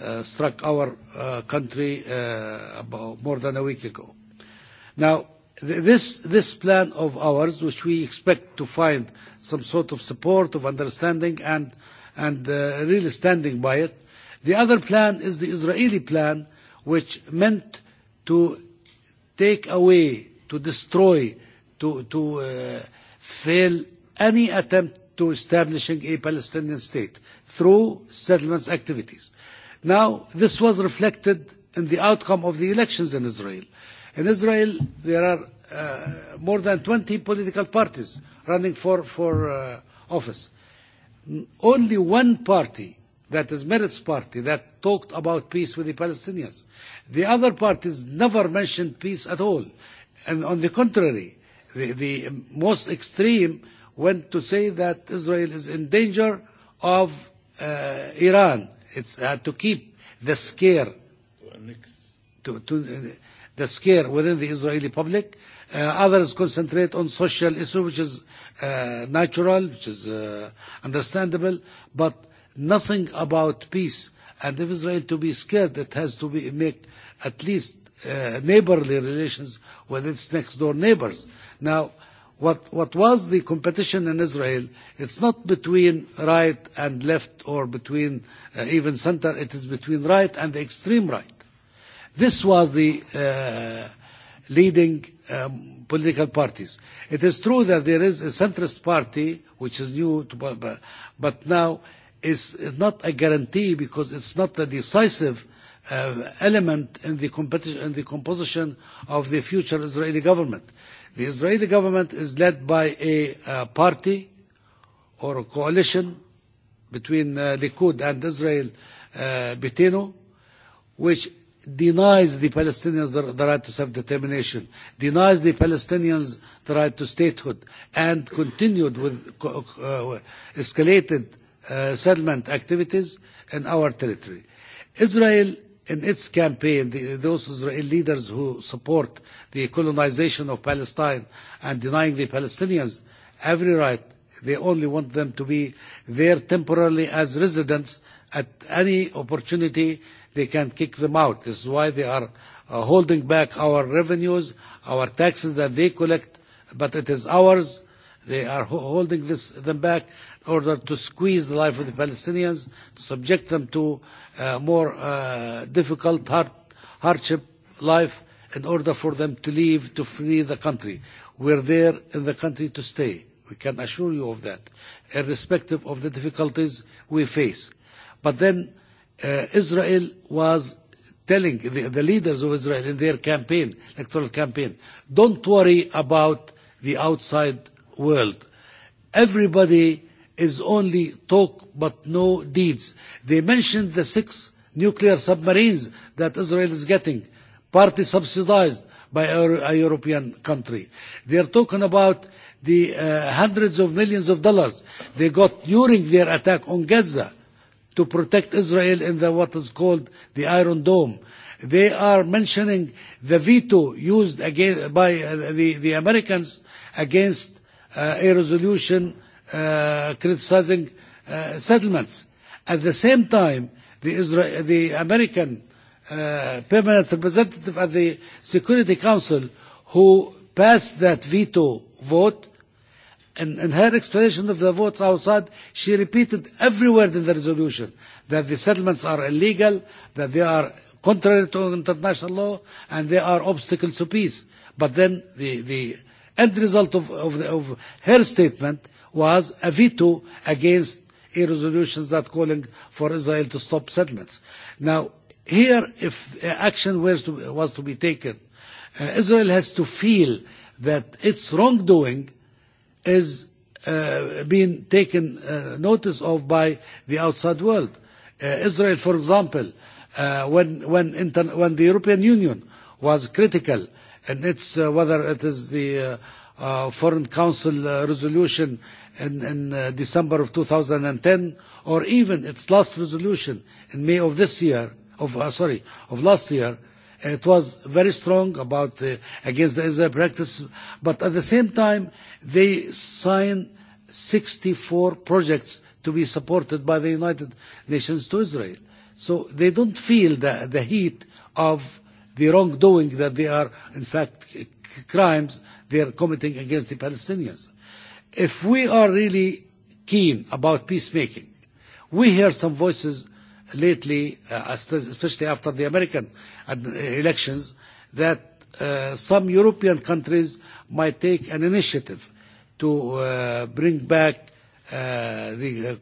uh, struck our uh, country uh, about more than a week ago. Now, th this, this plan of ours, which we expect to find some sort of support, of understanding, and, and uh, really standing by it. The other plan is the Israeli plan, which meant to take away, to destroy, to, to uh, fail any attempt to establishing a Palestinian state through settlements activities. Now, this was reflected in the outcome of the elections in Israel. In Israel, there are uh, more than 20 political parties running for, for uh, office. Only one party, that is Meretz party, that talked about peace with the Palestinians. The other parties never mentioned peace at all. And on the contrary, the, the most extreme went to say that Israel is in danger of uh, Iran it's uh, to keep the scare to, to, uh, the scare within the Israeli public. Uh, others concentrate on social issue, which is uh, natural, which is uh, understandable, but nothing about peace. And if Israel to be scared, it has to be, make at least uh, neighborly relations with its next door neighbors. Now, what, what was the competition in Israel, it's not between right and left or between uh, even center, it is between right and the extreme right. This was the uh, leading um, political parties. It is true that there is a centrist party, which is new, to, but now is not a guarantee because it's not the decisive uh, element in the, competition, in the composition of the future Israeli government The Israeli government is led by a uh, party or a coalition between uh, Likud and Israel uh, Betino, which denies the Palestinians the, the right to self-determination, denies the Palestinians the right to statehood, and continued with uh, escalated uh, settlement activities in our territory. Israel in its campaign, the, those Israeli leaders who support the colonization of Palestine and denying the Palestinians every right, they only want them to be there temporarily as residents. At any opportunity, they can kick them out. This is why they are uh, holding back our revenues, our taxes that they collect, but it is ours. Uh, They are holding this, them back in order to squeeze the life of the Palestinians, to subject them to uh, more uh, difficult, hard, hardship life in order for them to leave, to flee the country. We're there in the country to stay. We can assure you of that, irrespective of the difficulties we face. But then uh, Israel was telling the, the leaders of Israel in their campaign, electoral campaign, don't worry about the outside world. Everybody is only talk but no deeds. They mentioned the six nuclear submarines that Israel is getting, partly subsidized by a, a European country. They are talking about the uh, hundreds of millions of dollars they got during their attack on Gaza to protect Israel in the, what is called the Iron Dome. They are mentioning the veto used against, by uh, the, the Americans against uh, a resolution uh, criticizing uh, settlements. At the same time, the, Israel, the American uh, permanent representative at the Security Council who passed that veto vote, in, in her explanation of the votes outside, she repeated every word in the resolution that the settlements are illegal, that they are contrary to international law, and they are obstacles to peace. But then the, the End result of, of, the, of her statement was a veto against a resolution that calling for Israel to stop settlements. Now, here, if action was to, was to be taken, uh, Israel has to feel that its wrongdoing is uh, being taken uh, notice of by the outside world. Uh, Israel, for example, uh, when, when, inter- when the European Union was critical and it's uh, whether it is the uh, uh, Foreign Council uh, resolution in, in uh, December of 2010, or even its last resolution in May of this year, of uh, sorry, of last year, it was very strong about uh, against the Israel practice, but at the same time they signed 64 projects to be supported by the United Nations to Israel. So they don't feel the, the heat of the wrongdoing that they are, in fact, crimes they are committing against the Palestinians. If we are really keen about peacemaking, we hear some voices lately, uh, especially after the American uh, elections, that uh, some European countries might take an initiative to uh, bring back uh, the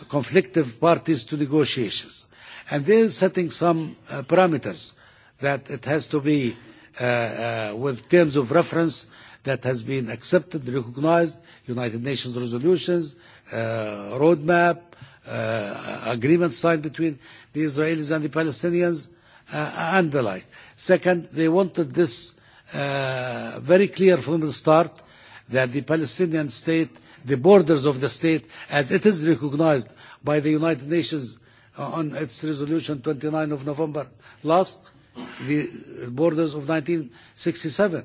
uh, conflictive parties to negotiations. And they're setting some uh, parameters that it has to be uh, uh, with terms of reference that has been accepted, recognized, United Nations resolutions, uh, roadmap, uh, agreement signed between the Israelis and the Palestinians, uh, and the like. Second, they wanted this uh, very clear from the start that the Palestinian state, the borders of the state, as it is recognized by the United Nations on its resolution 29 of November last, uh, the borders of 1967,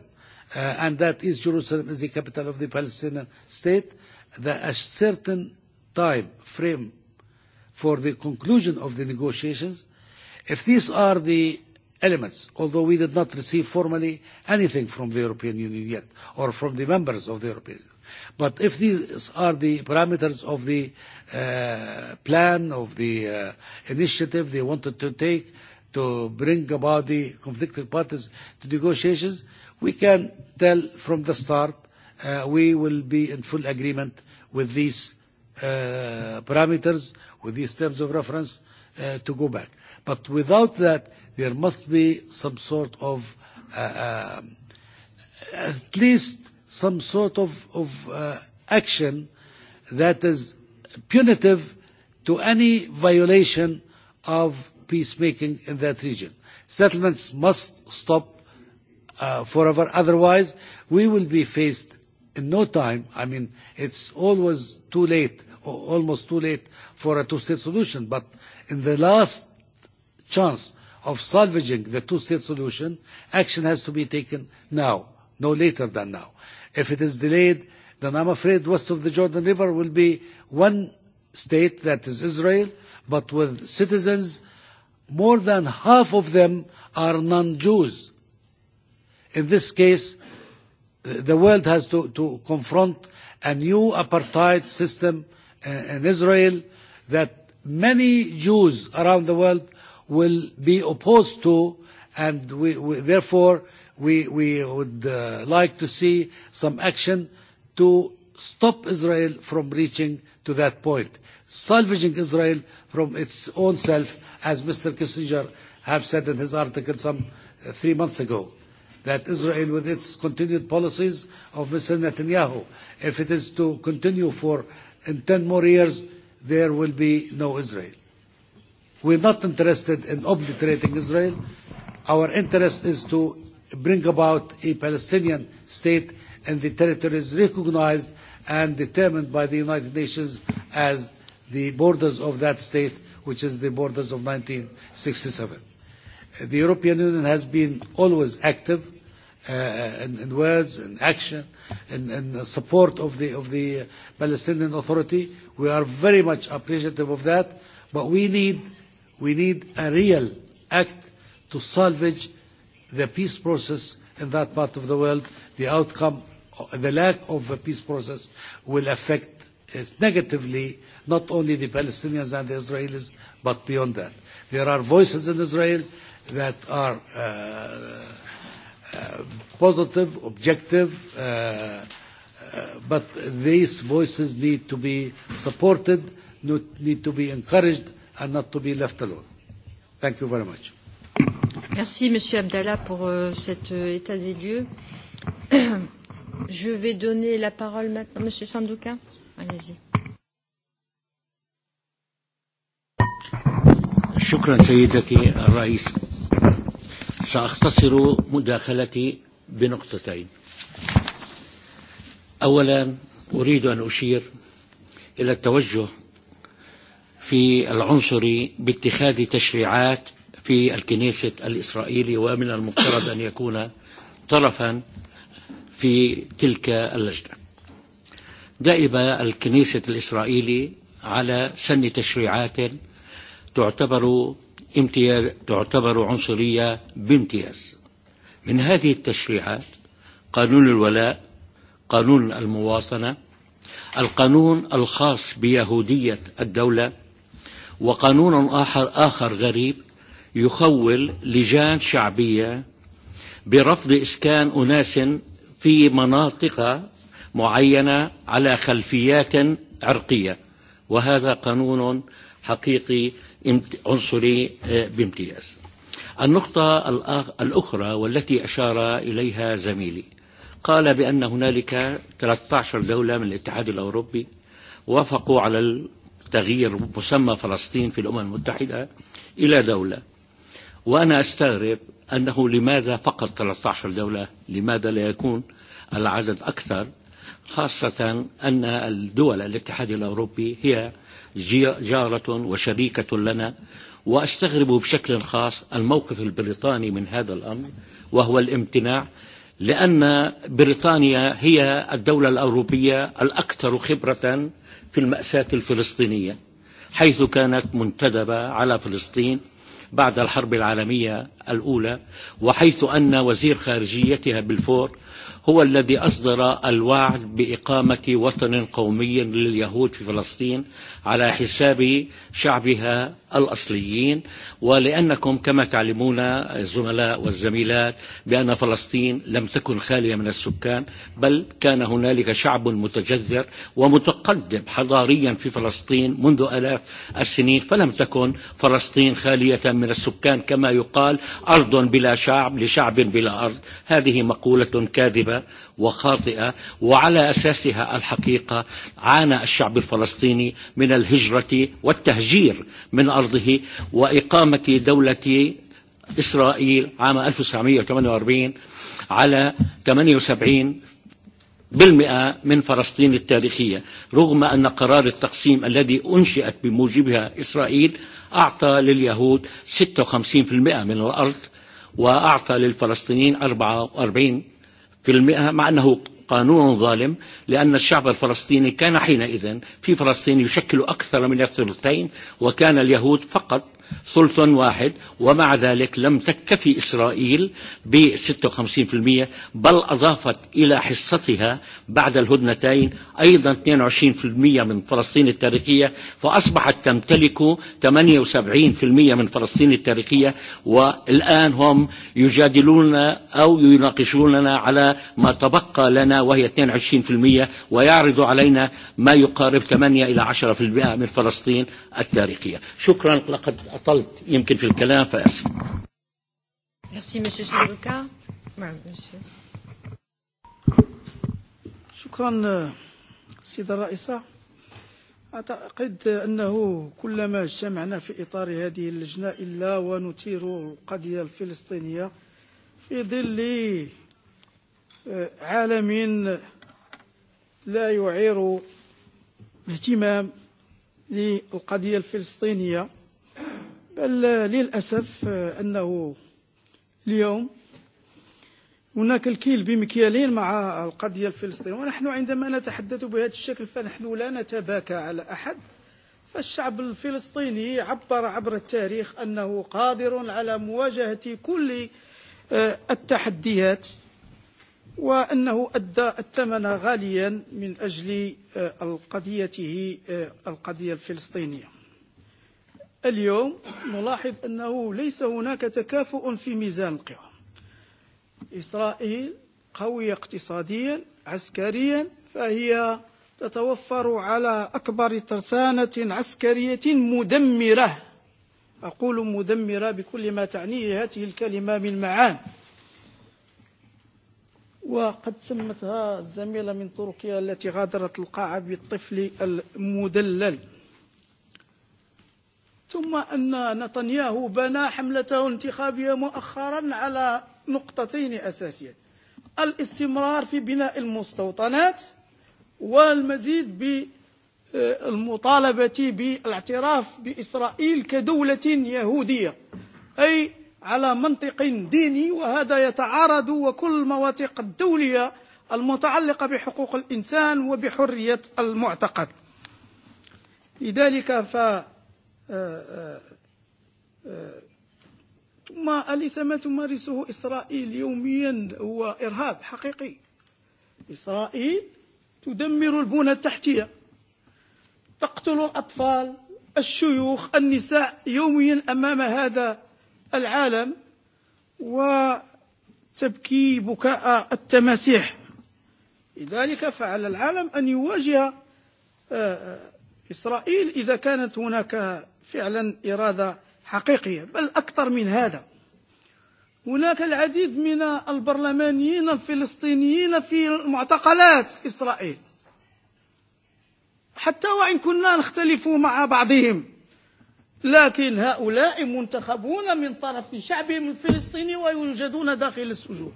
uh, and that is Jerusalem is the capital of the Palestinian state, that a certain time frame for the conclusion of the negotiations, if these are the elements, although we did not receive formally anything from the European Union yet, or from the members of the European Union. But if these are the parameters of the uh, plan, of the uh, initiative they wanted to take to bring about the conflicted parties to negotiations, we can tell from the start uh, we will be in full agreement with these uh, parameters, with these terms of reference uh, to go back. But without that, there must be some sort of, uh, uh, at least some sort of, of uh, action that is punitive to any violation of peacemaking in that region. Settlements must stop uh, forever. Otherwise, we will be faced in no time. I mean, it's always too late, or almost too late for a two-state solution. But in the last chance of salvaging the two-state solution, action has to be taken now, no later than now. If it is delayed, then I'm afraid west of the Jordan River will be one state that is Israel, but with citizens more than half of them are non-Jews. In this case, the world has to, to confront a new apartheid system uh, in Israel that many Jews around the world will be opposed to, and we, we, therefore we, we would uh, like to see some action to stop Israel from reaching to that point, salvaging Israel from its own self, as Mr. Kissinger have said in his article some uh, three months ago, that Israel, with its continued policies of Mr. Netanyahu, if it is to continue for in 10 more years, there will be no Israel. We're not interested in obliterating Israel. Our interest is to bring about a Palestinian state in the territories recognized and determined by the United Nations as the borders of that state, which is the borders of 1967. The European Union has been always active uh, in, in words and action and in, in support of the, of the Palestinian Authority. We are very much appreciative of that, but we need, we need a real act to salvage the peace process in that part of the world. The outcome the lack of a peace process will affect is negatively not only the Palestinians and the Israelis, but beyond that. There are voices in Israel that are uh, uh, positive, objective, uh, uh, but these voices need to be supported, need to be encouraged, and not to be left alone. Thank you very much. Merci, Monsieur Abdallah, pour euh, cet euh, état des lieux. Je vais donner la parole maintenant. Monsieur Sanduka, allez-y. شكرا سيدتي الرئيس سأختصر مداخلتي بنقطتين أولا أريد أن أشير إلى التوجه في العنصري باتخاذ تشريعات في الكنيسة الإسرائيلي ومن المفترض أن يكون طرفا في تلك اللجنة دائب الكنيسة الإسرائيلي على سن تشريعات تعتبر امتياز تعتبر عنصرية بامتياز من هذه التشريعات قانون الولاء قانون المواطنة القانون الخاص بيهودية الدولة وقانون آخر, آخر غريب يخول لجان شعبية برفض إسكان أناس في مناطق معينة على خلفيات عرقية وهذا قانون حقيقي عنصري بامتياز النقطة الأخرى والتي أشار إليها زميلي قال بأن هنالك 13 دولة من الاتحاد الأوروبي وافقوا على تغيير مسمى فلسطين في الأمم المتحدة إلى دولة وأنا أستغرب أنه لماذا فقط 13 دولة لماذا لا يكون العدد أكثر خاصة أن الدول الاتحاد الأوروبي هي جارة وشريكة لنا وأستغرب بشكل خاص الموقف البريطاني من هذا الأمر وهو الامتناع لأن بريطانيا هي الدولة الأوروبية الأكثر خبرة في المأساة الفلسطينية حيث كانت منتدبة على فلسطين بعد الحرب العالمية الأولى وحيث أن وزير خارجيتها بالفور هو الذي أصدر الوعد بإقامة وطن قومي لليهود في فلسطين على حساب شعبها الأصليين ولأنكم كما تعلمون الزملاء والزميلات بأن فلسطين لم تكن خالية من السكان بل كان هنالك شعب متجذر ومتقدم حضاريا في فلسطين منذ آلاف السنين فلم تكن فلسطين خالية من السكان كما يقال أرض بلا شعب لشعب بلا أرض هذه مقولة كاذبة وخاطئة وعلى أساسها الحقيقة عانى الشعب الفلسطيني من الهجرة والتهجير من أرضه وإقامة دولة إسرائيل عام 1948 على 78 بالمئة من فلسطين التاريخية رغم أن قرار التقسيم الذي أنشئت بموجبها إسرائيل أعطى لليهود 56% من الأرض وأعطى للفلسطينيين 44 في المئة مع أنه قانون ظالم لأن الشعب الفلسطيني كان حينئذ في فلسطين يشكل أكثر من الثلثين وكان اليهود فقط ثلث واحد ومع ذلك لم تكتفي إسرائيل ب 56% بل أضافت إلى حصتها بعد الهدنتين أيضا 22% من فلسطين التاريخية فأصبحت تمتلك 78% من فلسطين التاريخية والآن هم يجادلوننا أو يناقشوننا على ما تبقى لنا وهي 22% ويعرض علينا ما يقارب 8 إلى 10% من فلسطين التاريخية شكرا لقد أطلت يمكن في الكلام فأسف Merci, Monsieur Chiruka. Madame, Monsieur. شكرا سيد الرئيس أعتقد أنه كلما اجتمعنا في إطار هذه اللجنة إلا ونثير القضية الفلسطينية في ظل عالم لا يعير اهتمام للقضية الفلسطينية بل للأسف أنه اليوم هناك الكيل بمكيالين مع القضية الفلسطينية ونحن عندما نتحدث بهذا الشكل فنحن لا نتباكى على أحد فالشعب الفلسطيني عبر عبر التاريخ أنه قادر على مواجهة كل التحديات وأنه أدى الثمن غاليا من أجل قضيته القضية الفلسطينية اليوم نلاحظ أنه ليس هناك تكافؤ في ميزان القوى إسرائيل قوية اقتصاديا عسكريا فهي تتوفر على أكبر ترسانة عسكرية مدمرة أقول مدمرة بكل ما تعنيه هذه الكلمة من معان وقد سمتها الزميلة من تركيا التي غادرت القاعة بالطفل المدلل ثم أن نتنياهو بنى حملته الانتخابية مؤخرا على نقطتين أساسية الاستمرار في بناء المستوطنات والمزيد بالمطالبة بالاعتراف بإسرائيل كدولة يهودية أي على منطق ديني وهذا يتعارض وكل المواثيق الدولية المتعلقة بحقوق الإنسان وبحرية المعتقد لذلك ف ما أليس ما تمارسه إسرائيل يوميا هو إرهاب حقيقي إسرائيل تدمر البنى التحتية تقتل الأطفال الشيوخ النساء يوميا أمام هذا العالم وتبكي بكاء التماسيح لذلك فعلى العالم أن يواجه إسرائيل إذا كانت هناك فعلا إرادة حقيقية بل أكثر من هذا هناك العديد من البرلمانيين الفلسطينيين في معتقلات إسرائيل حتى وإن كنا نختلف مع بعضهم لكن هؤلاء منتخبون من طرف شعبهم الفلسطيني ويوجدون داخل السجون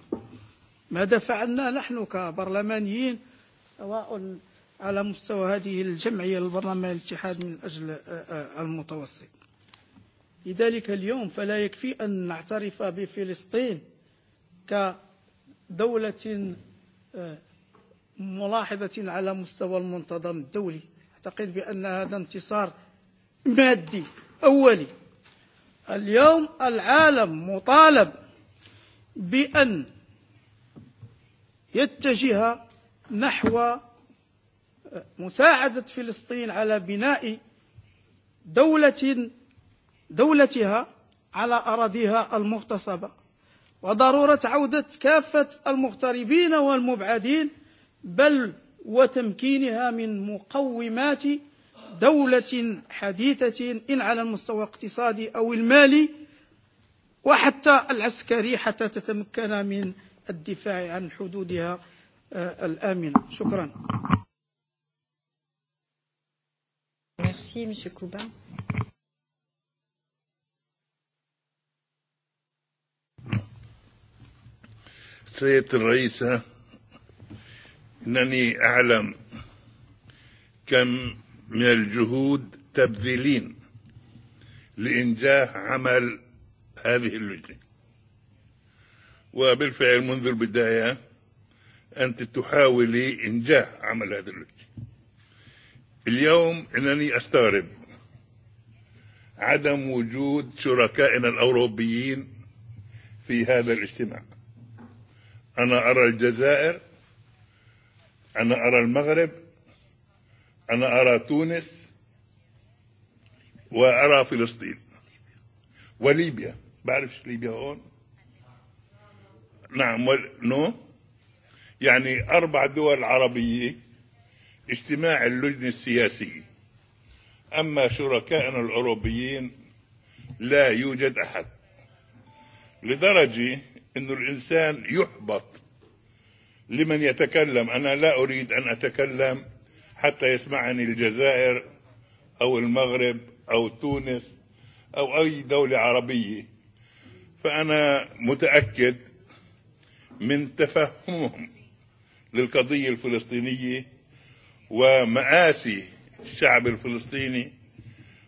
ماذا فعلنا نحن كبرلمانيين سواء على مستوى هذه الجمعية البرلمان الاتحاد من أجل المتوسط لذلك اليوم فلا يكفي أن نعترف بفلسطين كدولة ملاحظة على مستوى المنتظم الدولي أعتقد بأن هذا انتصار مادي أولي اليوم العالم مطالب بأن يتجه نحو مساعدة فلسطين على بناء دولة دولتها على أراضيها المغتصبة وضرورة عودة كافة المغتربين والمبعدين بل وتمكينها من مقومات دولة حديثة إن على المستوى الاقتصادي أو المالي وحتى العسكري حتى تتمكن من الدفاع عن حدودها الآمنة شكرا Merci, Monsieur Coubin. سيد الرئيس إنني أعلم كم من الجهود تبذلين لإنجاح عمل هذه اللجنة وبالفعل منذ البداية أنت تحاولي إنجاح عمل هذه اللجنة اليوم إنني أستغرب عدم وجود شركائنا الأوروبيين في هذا الاجتماع أنا أرى الجزائر أنا أرى المغرب أنا أرى تونس وأرى فلسطين وليبيا بعرفش ليبيا هون نعم ول... نو يعني أربع دول عربية اجتماع اللجنة السياسية أما شركائنا الأوروبيين لا يوجد أحد لدرجة أن الإنسان يحبط لمن يتكلم أنا لا أريد أن أتكلم حتى يسمعني الجزائر أو المغرب أو تونس أو أي دولة عربية فأنا متأكد من تفهمهم للقضية الفلسطينية ومآسي الشعب الفلسطيني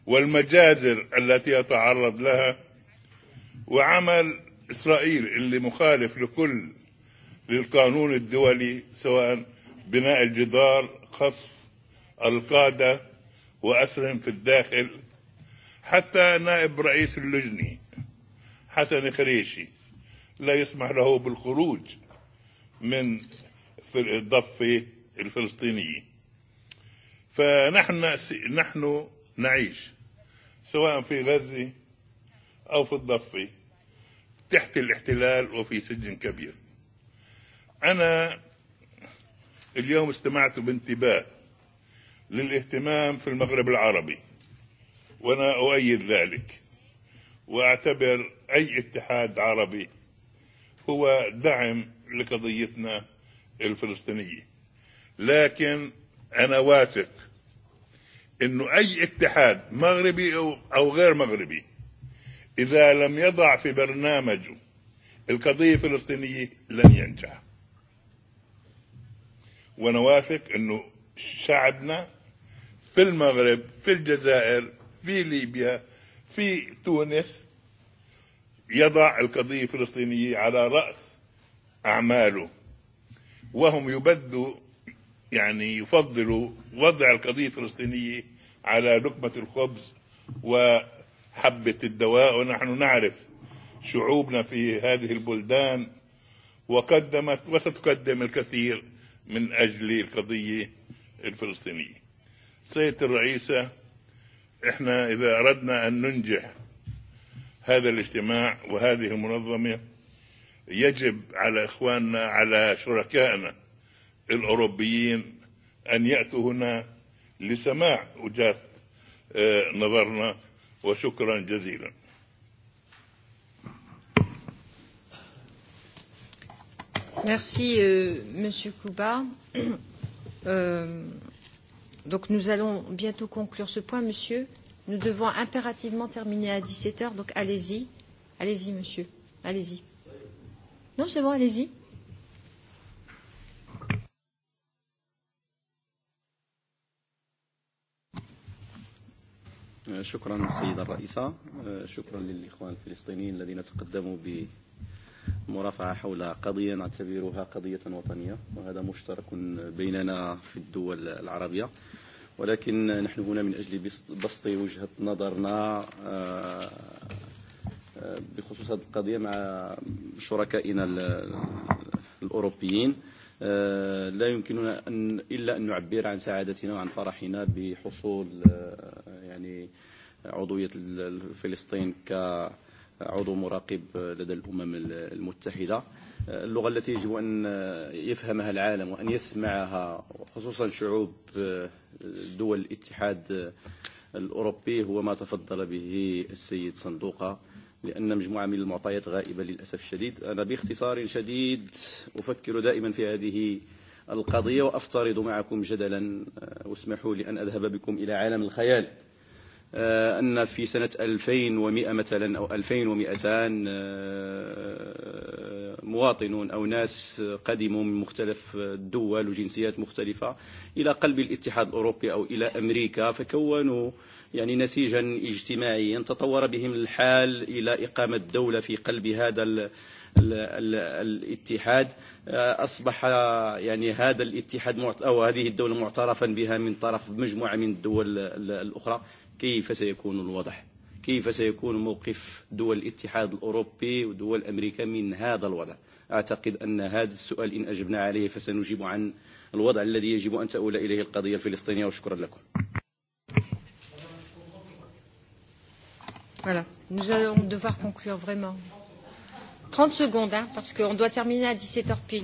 والمجازر التي يتعرض لها وعمل إسرائيل اللي مخالف لكل للقانون الدولي سواء بناء الجدار خصف القادة وأسرهم في الداخل حتى نائب رئيس اللجنة حسن خريشي لا يسمح له بالخروج من الضفة الفلسطينية فنحن نحن نعيش سواء في غزة أو في الضفة تحت الاحتلال وفي سجن كبير أنا اليوم استمعت بانتباه للاهتمام في المغرب العربي وأنا أؤيد ذلك وأعتبر أي اتحاد عربي هو دعم لقضيتنا الفلسطينية لكن أنا واثق أنه أي اتحاد مغربي أو غير مغربي إذا لم يضع في برنامجه القضية الفلسطينية لن ينجح وأنا واثق أنه شعبنا في المغرب في الجزائر في ليبيا في تونس يضع القضية الفلسطينية على رأس أعماله وهم يبدوا يعني يفضلوا وضع القضية الفلسطينية على لقمة الخبز و حبة الدواء ونحن نعرف شعوبنا في هذه البلدان وقدمت وستقدم الكثير من أجل القضية الفلسطينية سيدة الرئيسة احنا إذا أردنا أن ننجح هذا الاجتماع وهذه المنظمة يجب على إخواننا على شركائنا الأوروبيين أن يأتوا هنا لسماع وجهة نظرنا وشكرا جزيلا Merci, euh, Monsieur Kouba. euh, donc, nous allons bientôt conclure ce point, Monsieur. Nous devons impérativement terminer à 17 heures, donc allez-y, allez-y, Monsieur, allez-y. Non, c'est bon, allez-y. شكرا السيدة الرئيسة شكرا للإخوان الفلسطينيين الذين تقدموا بمرافعة حول قضية نعتبرها قضية وطنية وهذا مشترك بيننا في الدول العربية ولكن نحن هنا من أجل بسط وجهة نظرنا بخصوص هذه القضية مع شركائنا الأوروبيين لا يمكننا أن إلا أن نعبر عن سعادتنا وعن فرحنا بحصول يعني عضوية فلسطين كعضو مراقب لدى الأمم المتحدة اللغة التي يجب أن يفهمها العالم وأن يسمعها خصوصا شعوب دول الاتحاد الأوروبي هو ما تفضل به السيد صندوقه لأن مجموعة من المعطيات غائبة للأسف الشديد أنا باختصار شديد أفكر دائما في هذه القضية وأفترض معكم جدلا واسمحوا لي أن أذهب بكم إلى عالم الخيال أن في سنة 2100 مثلا أو 2200 مواطنون أو ناس قدموا من مختلف الدول وجنسيات مختلفة إلى قلب الاتحاد الأوروبي أو إلى أمريكا فكونوا يعني نسيجا اجتماعيا تطور بهم الحال إلى إقامة دولة في قلب هذا ال الاتحاد أصبح يعني هذا الاتحاد أو هذه الدولة معترفا بها من طرف مجموعة من الدول الأخرى كيف سيكون الوضع كيف سيكون موقف دول الاتحاد الأوروبي ودول أمريكا من هذا الوضع أعتقد أن هذا السؤال إن أجبنا عليه فسنجيب عن الوضع الذي يجب أن تؤول إليه القضية الفلسطينية وشكرا لكم Voilà. Nous allons devoir conclure vraiment. 30 secondes, hein, parce qu'on doit terminer à 17h pile.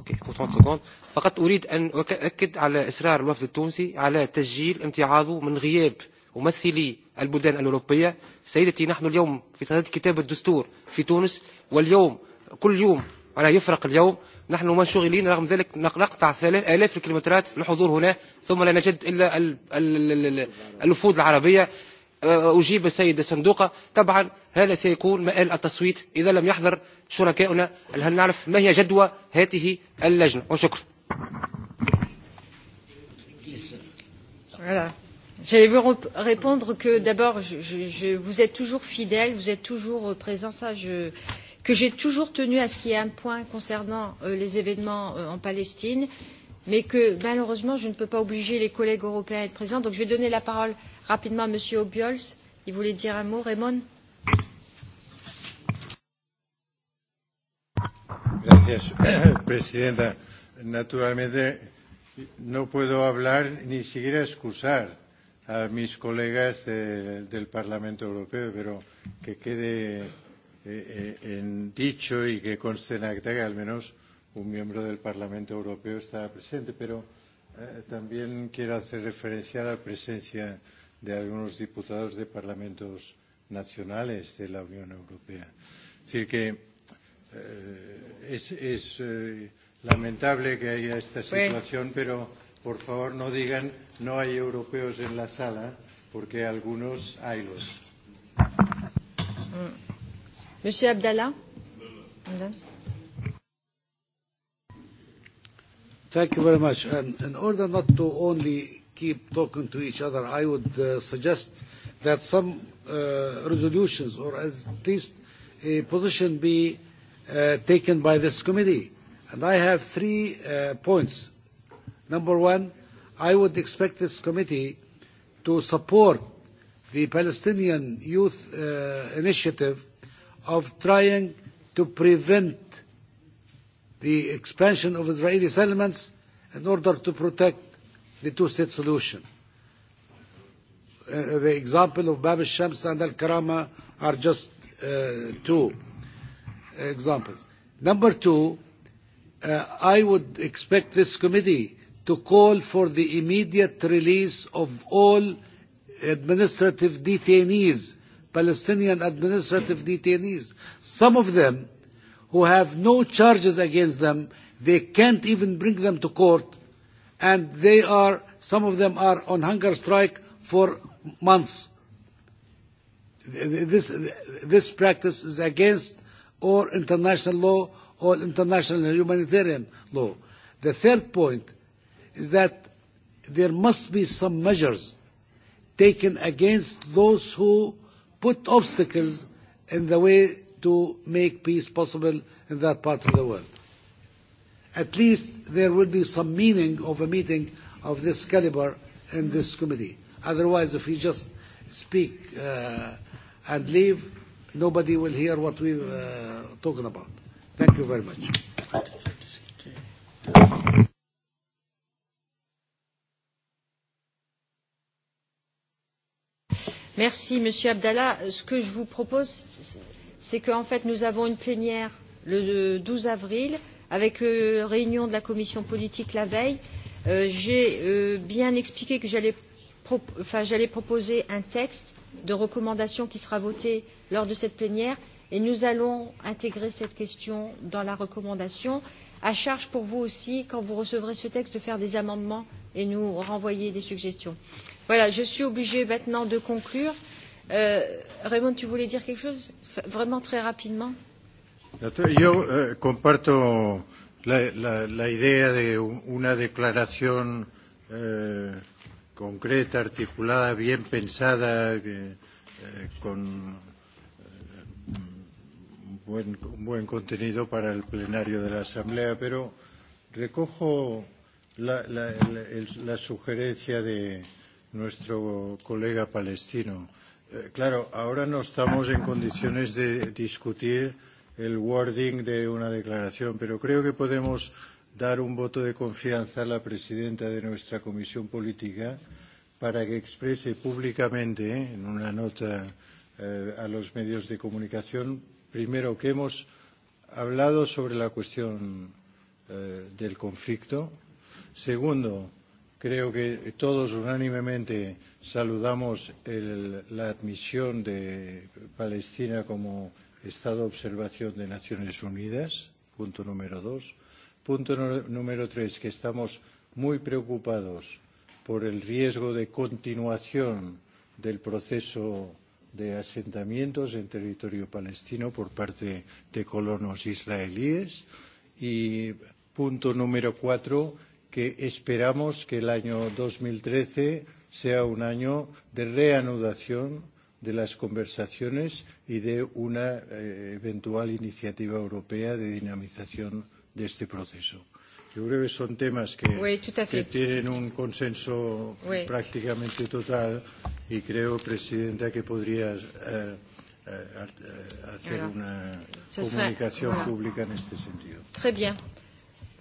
Okay, 30 secondes. فقط أريد أن أؤكد على إصرار الوفد التونسي على تسجيل امتعاضه من غياب ممثلي البلدان الأوروبية سيدتي نحن اليوم في صدد كتاب الدستور في تونس واليوم كل يوم ولا يفرق اليوم نحن منشغلين رغم ذلك نقطع ثلاث آلاف الكيلومترات للحضور هنا ثم لا نجد إلا الوفود العربية أجيب السيد الصندوقة طبعا هذا سيكون مآل التصويت إذا لم يحضر شركاؤنا هل نعرف ما هي جدوى هذه اللجنة وشكرا Voilà. J'allais vous répondre que d'abord, je, je, je, vous êtes toujours fidèle, vous êtes toujours euh, présent, ça, je, que j'ai toujours tenu à ce qu'il y ait un point concernant euh, les événements euh, en Palestine, mais que malheureusement, je ne peux pas obliger les collègues européens à être présents. Donc, je vais donner la parole euh, Rapidement, Monsieur Obiols, il voulait dire un mot. Raymond Gracias, Presidenta. Naturalmente, no puedo hablar ni siquiera excusar a mis colegas de, del Parlamento Europeo, pero que quede eh, eh en dicho y que conste en acta que al menos un miembro del Parlamento Europeo está presente. Pero eh, también quiero hacer referencia a la presencia eh, de algunos diputados de parlamentos nacionales de la Unión Europea. Es decir, que eh, es, es eh, lamentable que haya esta situación, pues... pero por favor no digan no hay europeos en la sala, porque algunos hay los. Mm. Monsieur Abdallah. Thank you very much. And in order not to only keep talking to each other. I would uh, suggest that some uh, resolutions or as, at least a position be uh, taken by this committee. And I have three uh, points. Number one, I would expect this committee to support the Palestinian youth uh, initiative of trying to prevent the expansion of Israeli settlements in order to protect the two-state solution. Uh, the example of Bab al-Shams and al-Karama are just uh, two uh, examples. Number two, uh, I would expect this committee to call for the immediate release of all administrative detainees, Palestinian administrative detainees. Some of them who have no charges against them, they can't even bring them to court and they are, some of them are on hunger strike for months. This, this practice is against all international law or international humanitarian law. The third point is that there must be some measures taken against those who put obstacles in the way to make peace possible in that part of the world at least there will be some meaning of a meeting of this caliber in this committee. Otherwise, if we just speak uh, and leave, nobody will hear what we're uh, talking about. Thank you very much. Merci, Monsieur Abdallah. Ce que je vous propose, c'est qu'en fait, nous avons une plénière le 12 avril Avec euh, réunion de la commission politique la veille, euh, j'ai euh, bien expliqué que j'allais pro enfin, proposer un texte de recommandation qui sera voté lors de cette plénière et nous allons intégrer cette question dans la recommandation. À charge pour vous aussi, quand vous recevrez ce texte, de faire des amendements et nous renvoyer des suggestions. Voilà, je suis obligée maintenant de conclure. Euh, Raymond, tu voulais dire quelque chose Vraiment très rapidement euh, Yo eh, comparto la, la, la idea de una declaración eh, concreta, articulada, bien pensada, eh, con eh, un buen, un buen contenido para el plenario de la Asamblea, pero recojo la, la, la, el, la sugerencia de nuestro colega palestino. Eh, claro, ahora no estamos en condiciones de discutir eh, el wording de una declaración, pero creo que podemos dar un voto de confianza a la presidenta de nuestra comisión política para que exprese públicamente, ¿eh? en una nota eh, a los medios de comunicación, primero que hemos hablado sobre la cuestión eh, del conflicto. Segundo, creo que todos unánimemente saludamos el, la admisión de Palestina como Estado de observación de Naciones Unidas, punto número dos. Punto no, número tres, que estamos muy preocupados por el riesgo de continuación del proceso de asentamientos en territorio palestino por parte de colonos israelíes. Y punto número cuatro, que esperamos que el año 2013 sea un año de reanudación de las conversaciones y de una eh, eventual iniciativa europea de dinamización de este proceso. Yo creo que son temas que, oui, que tienen un consenso oui. prácticamente total y creo, Presidenta, que podrías eh, eh, eh, hacer voilà. una Ce comunicación serait, voilà. pública en este sentido. Très bien.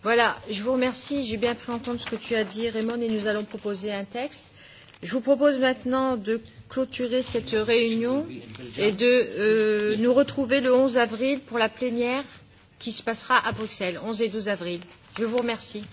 Voilà, je vous remercie. J'ai bien pris en compte ce que tu as dit, Raymond, et nous allons proposer un texte. Je vous propose maintenant de clôturer cette réunion et de euh, nous retrouver le 11 avril pour la plénière qui se passera à Bruxelles, 11 et 12 avril. Je vous remercie.